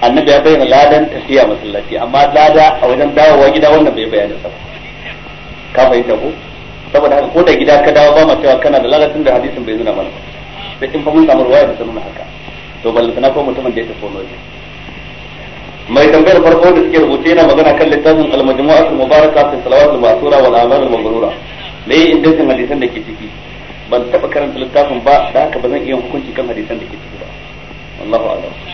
annabi ya bayyana ladan tafiya masallaci amma lada a wajen dawowa gida wannan bai bayyana sa ka fahimta ko saboda haka ko da gida ka dawo ba ma cewa kana da lalatin da hadisin bai nuna mana sai in fa mun samu ruwaya da nuna haka to ballantana ko mutumin da ya tafi wani mai tambayar farko da suke rubuce yana magana kan littafin al al-mubarakah fi al ma'sura wal a'mal al-mabrura me indancin hadisan da ke ciki ban taba karanta littafin ba da haka ba zan iya hukunci kan hadisan da ke ciki ba Allahu a'lam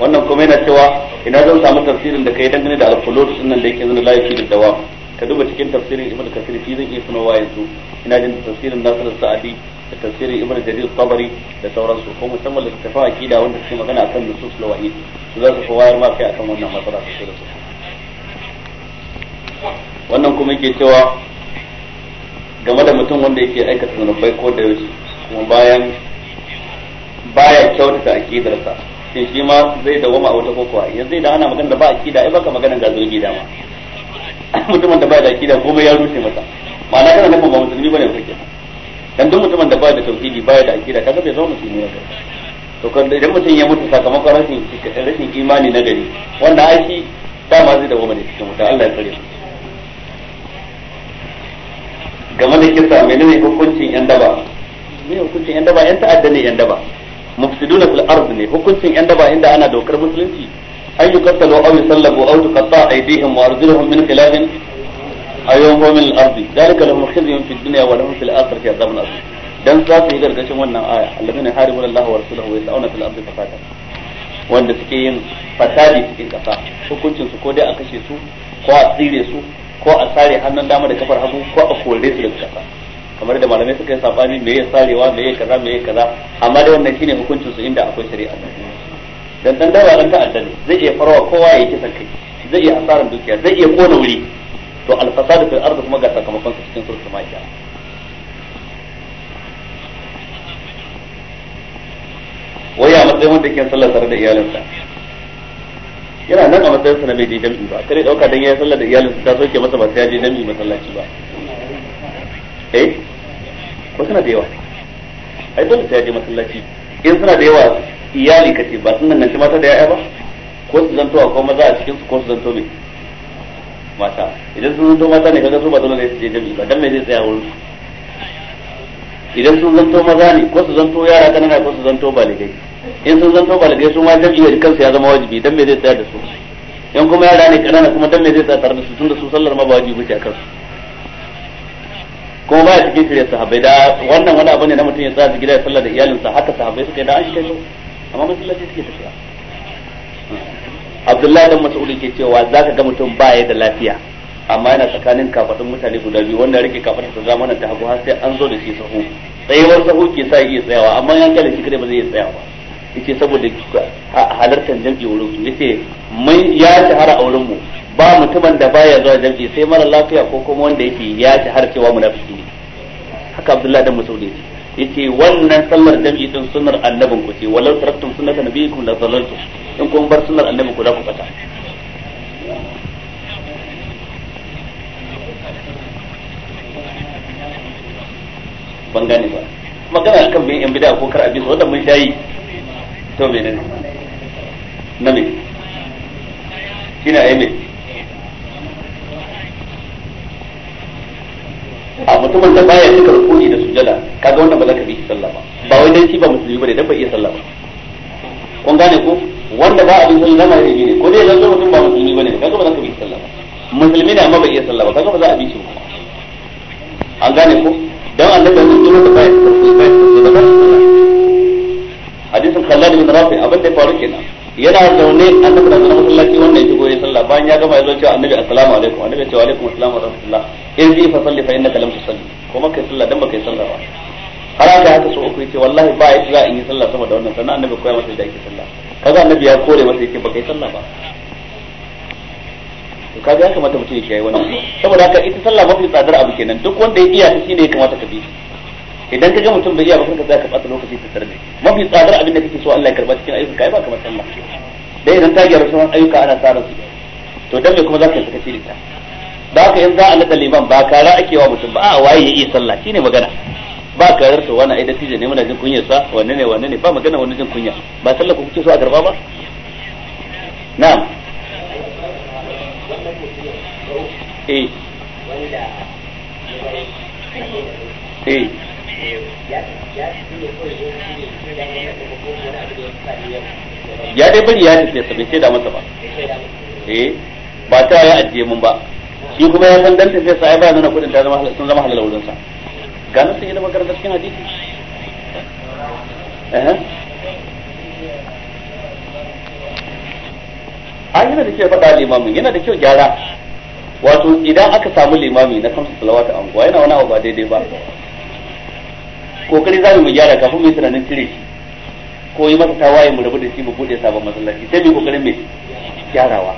wannan kuma yana cewa ina zan samu tafsirin da kai dangane da al-fulus sunan da yake zuna lafi da dawa ka duba cikin tafsirin ibn kasir shi zan iya sunawa yanzu ina jin tafsirin nasir sa'adi da tafsirin ibn jarir tabari da sauransu ko musamman da littafin akida wanda suke magana akan nusus lawaid su za su fi ma kai akan wannan matsala ta wannan kuma yake cewa game da mutum wanda yake aikata zanubai ko da yaushe kuma bayan baya kyautata akidarsa sai shi ma zai dawama a wata kokowa yanzu idan ana magana da ba a kida ai baka magana ga gida dama mutumin da ba da kida komai ya rushe masa ma'ana kana nufin ba musulmi bane kake dan duk mutumin da ba da tauhidi ba da kida kaga bai zama musulmi ba to kan idan mutum ya mutu sakamakon rashin rashin imani na gari wanda ai shi dama zai goma ne cikin wuta Allah ya tsare game da kisa menene hukuncin yan daba me hukuncin yan daba yan ta'adda ne yan daba mufsiduna fil ard ne hukuncin yan daba inda ana dokar musulunci ay yuqtalu aw yusallabu aw tuqatta aydihim wa arjuluhum min khilaf ayyuhum min al ard dalika lahum khizyun fid dunya wa lahum fil akhirati adhabun azim dan za su yi gargashin wannan aya alladhina haribuna Allah wa rasuluhu wa sa'una fil ardi fasada wanda suke yin fasadi cikin kasa hukuncin su ko dai a kashe su ko a tsire su ko a sare hannun dama da kafar hagu ko a kore su daga kasa kamar da malamai suka yi sabani me ya sarewa me ya kaza me ya kaza amma da wannan shine hukuncin su inda akwai shari'a dan dan da dan ta'adda ne zai iya farawa kowa ya kisa kai zai iya hasaran dukiya zai iya kona wuri to al-fasadu fil ardi kuma ga sakamakon su cikin surtu makiya wai a matsayin wanda ke sallar tare da iyalinsa yana nan a matsayin sa na mai jami'i ba kare dauka dan yayin sallar da iyalinsa ta soke masa ba sai ya je jami'i masallaci ba eh ba suna da yawa ai dole sai je masallaci in suna da yawa iyali kace ba sun nan mata da yaya ba ko su zanto ko maza a cikin su ko su zanto ne mata idan sun zanto mata ne kaga su ba dole ne su je jami'i ba dan me zai tsaya wurin idan sun zanto maza ne ko su zanto yara kanana ko su zanto baligai in sun zanto baligai su ma jami'i kansu ya zama wajibi dan me zai tsaya da su in kuma yara ne kanana kuma dan me zai tsaya tare da su tunda su sallar ma ba wajibi ce a kansu kuma ba ya cikin shirya sahabbai da wannan wani abu ne na mutum ya tsaya gida ya sallah da iyalinsa haka sahabbai suka yi da an shi kai amma masallaci suke tafiya Abdullahi dan Mas'ud ke cewa zaka ga mutum ba ya da lafiya amma yana tsakanin kafadun mutane guda biyu wanda rike kafadun sa zamanin ta hagu har sai an zo da shi sahu tsayuwar sahu ke sa iya tsayawa amma yan kalle shi kare ba zai iya tsayawa ba yace saboda halartar jam'i wurin su yace mai ya shahara a wurin mu ba mutumin da baya zuwa jam'i sai mara lafiya ko kuma wanda yake ya shahara cewa munafiki ne haka Abdullahi dan Mas'ud yace yace wannan sallar jam'i din sunnar annabin ku ce walau taraktum sunnata nabiyikum la dhalaltum in kun bar sunnar annabin ku za ku fata ban gane ba magana akan bin yan bid'a ko kar abin wannan mun shayi to menene na me shine ai me a mutumin da baya cika rukuni da sujada kaga wannan ba za ka bi shi sallah ba ba wai dan shi ba musulmi bane dan ba iya sallah ba kun gane ko wanda ba abin sallah ma yayi ne ko dai yanzu mutum ba musulmi bane kaga ba za ka bi shi sallah ba musulmi ne amma ba iya sallah ba kaga ba za a bi shi ba an gane ko dan annabi sun zo da baya da baya da baya hadisin khallad bin rafi abin da ya faru kenan yana zaune annabi da sallallahu alaihi wannan shigo goyi sallah bayan ya gama ya zo cewa annabi assalamu alaikum annabi cewa alaikum assalamu wa rahmatullah in bi fa salli fa innaka lam tusalli kuma kai sallah dan baka yi sallah ba har aka haka so uku yace wallahi ba yadda za in yi sallah saboda wannan sannan annabi koya masa da yake sallah kaga annabi ya kore masa yake baka yi sallah ba to kaga ya kamata mutum ya yi wannan saboda haka ita sallah mafi tsadar abu kenan duk wanda ya iya shi ne ya kamata ka bi idan ka ga mutum bai iya ba kanka zaka bata lokaci ta tarbe mafi tsadar abin da kake so Allah ya karba cikin ayyukan ka ba kamar sallah dai idan ta gyara sauran ayyuka ana tsara su to dan me kuma zaka yi sakaci da ba ka yanzu za a nada liman ba kara ake wa mutum ba a waye ya iya sallah shine magana ba karar to wani da tije ne muna jin kunyar sa wanne ne wanne ne ba magana wani jin kunya ba sallah ku kike so a karba ba na'am eh eh ya dai bari ya tafi sa bai sai da masa ba eh ba ta ya ajiye mun ba shi kuma ya san dan sai sai ba nuna kudin ta zama sun zama halal wurin sa ga nan sai da cikin hadisi eh a yana da kyau faɗa limami yana da kyau gyara wato idan aka samu limami na kamsa salawatu anguwa yana wani abu ba daidai ba kokari za mu gyara kafin mu tunanin cire shi ko yi masa tawaye mu rabu da shi mu bude sabon masallaci sai mu kokarin mai gyarawa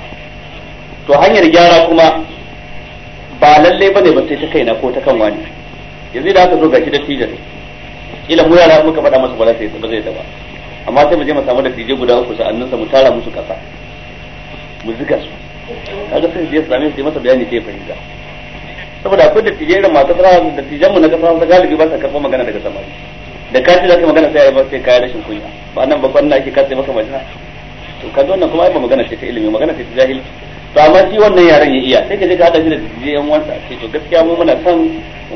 to hanyar gyara kuma ba lalle bane ba sai ta kaina ko ta kan wani yanzu da aka zo gashi da tijar ila mu yara muka faɗa masa ba za ba zai ba amma sai mu je mu samu da tije guda uku sa'annan sa mu tara musu kasa mu zuga su kaga sai su je su same su yi masa bayani sai fahimta saboda akwai dattijai irin masu kasa dattijan mu na kasa hausa galibi ba sa karɓar magana daga samari da ka ce za ka magana sai a yi ba sai kayan rashin kunya ba nan ba kwanna ake kasa maka majina to ka wannan kuma ba magana ce ta ilimi magana ce ta jahilci to amma shi wannan yaren ya iya sai ka je ka haɗa shi da dattijai yan wansa ce to gaskiya mu muna son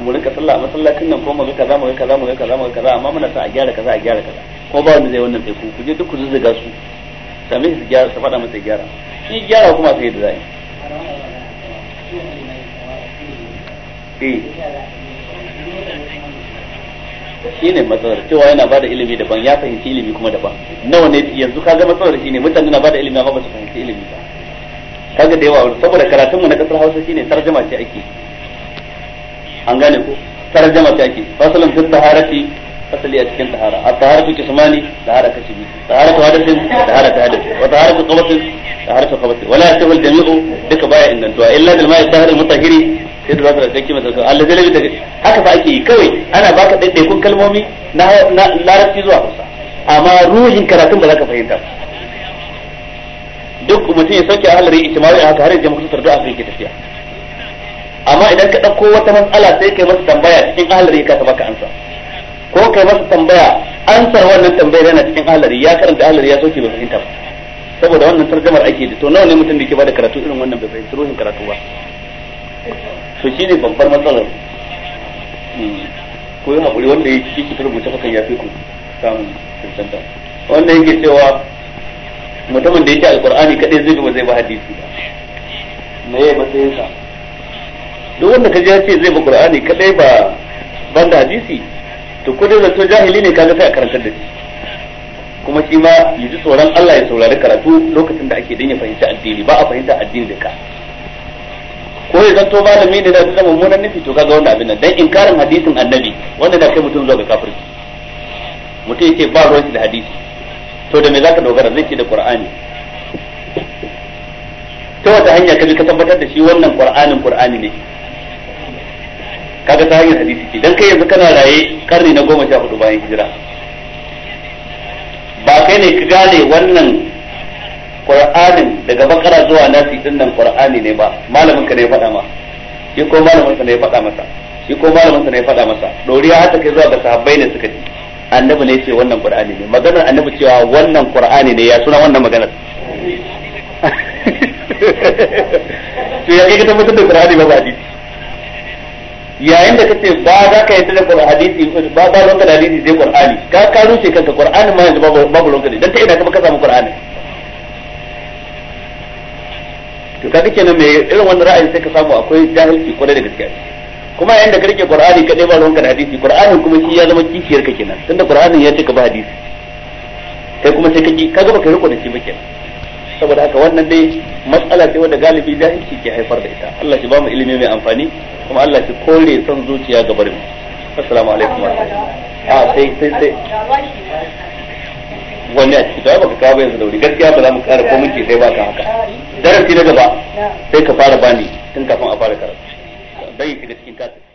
mu rinka sallah a masallacin nan ko mu ga kaza mu ga kaza mu ga kaza mu ga kaza amma muna son a gyara kaza a gyara kaza ko ba wanda zai wannan sai ku ku je duk ku zuzzuga su same su gyara su faɗa masa gyara shi gyara kuma sai da zai Eh. shi ne matsalar cewa yana ba da ilimi daban ya fahimci ilimi kuma daban nawa ne yanzu kaga matsalar shi ne mutane na ba da ilimi amma ba su fahimci ilimi ba kaga da yawa saboda karatun mu na kasar Hausa shine tarjuma ce ake an gane ko tarjuma ce ake fasalun fi taharati fasali a cikin tahara a taharatu kismani tahara kashi biyu taharatu hadathin taharatu hadathin wa taharatu qabatin taharatu qabatin wala yasihu al-jami'u duka baya ingantuwa illa bil ma'i tahir mutahhiri sai da zaka da kima sauka Allah zai daga haka fa ake yi kawai ana baka daidaikun kalmomi na larabci zuwa Hausa amma ruhin karatun ba za ka fahimta duk mutum ya sauke ahalari ijma'i haka har yanzu mutum tardu a kai tafiya amma idan ka ɗauko wata matsala sai kai masa tambaya cikin yi ka baka ansa ko kai masa tambaya ansar wannan tambayar yana cikin yi ya karanta ahalari ya sauke ba fahimta ba saboda wannan tarjamar ake da to nawa ne mutum da ke bada karatu irin wannan bai fahimci ruhin karatu ba to shine babbar matsalar hmm. ko yi haƙuri wanda ya ci ta mutum hakan ya fi ku samun kirkanta wanda yake cewa mutumin da yake alkur'ani kadai zai ba zai ba hadisi ba na ya matsayinsa sa duk wanda kaji ya ce zai ba qur'ani kadai ba ban da hadisi to ko dai zato jahili ne kaga sai a karantar da shi kuma shi ma ya ji tsoron Allah ya saurari karatu lokacin da ake dan ya fahimci addini ba a fahimta addini da ka ko ya zanto malami ne da ta munan nufi to kaga wannan abin nan dan inkarin hadisin annabi wanda da kai mutum zuwa ga kafirci mutum yake ba ruwan da hadisi to da me zaka dogara zai ce da qur'ani ta wata hanya kaje ka tabbatar da shi wannan qur'anin qur'ani ne kaga ta hanyar hadisi ce dan kai yanzu kana raye karni na goma bayan hijira ba kai ne ka gane wannan qur'anin daga bakara zuwa nasi din nan qur'ani ne ba malamin ka ne ya faɗa ma shi ko malamin sa ne ya faɗa masa shi ko malamin sa ne ya faɗa masa doriya haka kai zuwa ga sahabbai ne suka ji annabi ne ce wannan qur'ani ne maganar annabi cewa wannan qur'ani ne ya suna wannan maganar to ya kai ka tabbatar da qur'ani ba hadisi yayin da kace ba za ka yadda da hadisi ba ba lokacin hadisi zai qur'ani ka ka rushe kanka qur'ani ma yanzu babu ba lokacin dan ta ina ka samu qur'ani to kaga kenan me irin wannan ra'ayin sai ka samu akwai jahilci kwarai da gaske kuma yayin da ka rike qur'ani ka dai ba ruwanka da hadisi qur'ani kuma shi ya zama kishiyar ka kenan tunda qur'ani ya ce ka ba hadisi kai kuma sai ka ki kaga baka riko da shi ba kenan saboda haka wannan dai matsala ce wanda galibi jahilci ke haifar da ita Allah shi ba mu ilimi mai amfani kuma Allah shi kore son zuciya ga barin assalamu alaikum wa rahmatullahi a ah, sai sai sai wani a ciki ba ka kawo ba yanzu da wuri gaskiya ba za mu kara ko minti sai ba ka haka darasi na gaba sai ka fara bani tun kafin a fara karatu dan yi shiga cikin tasiri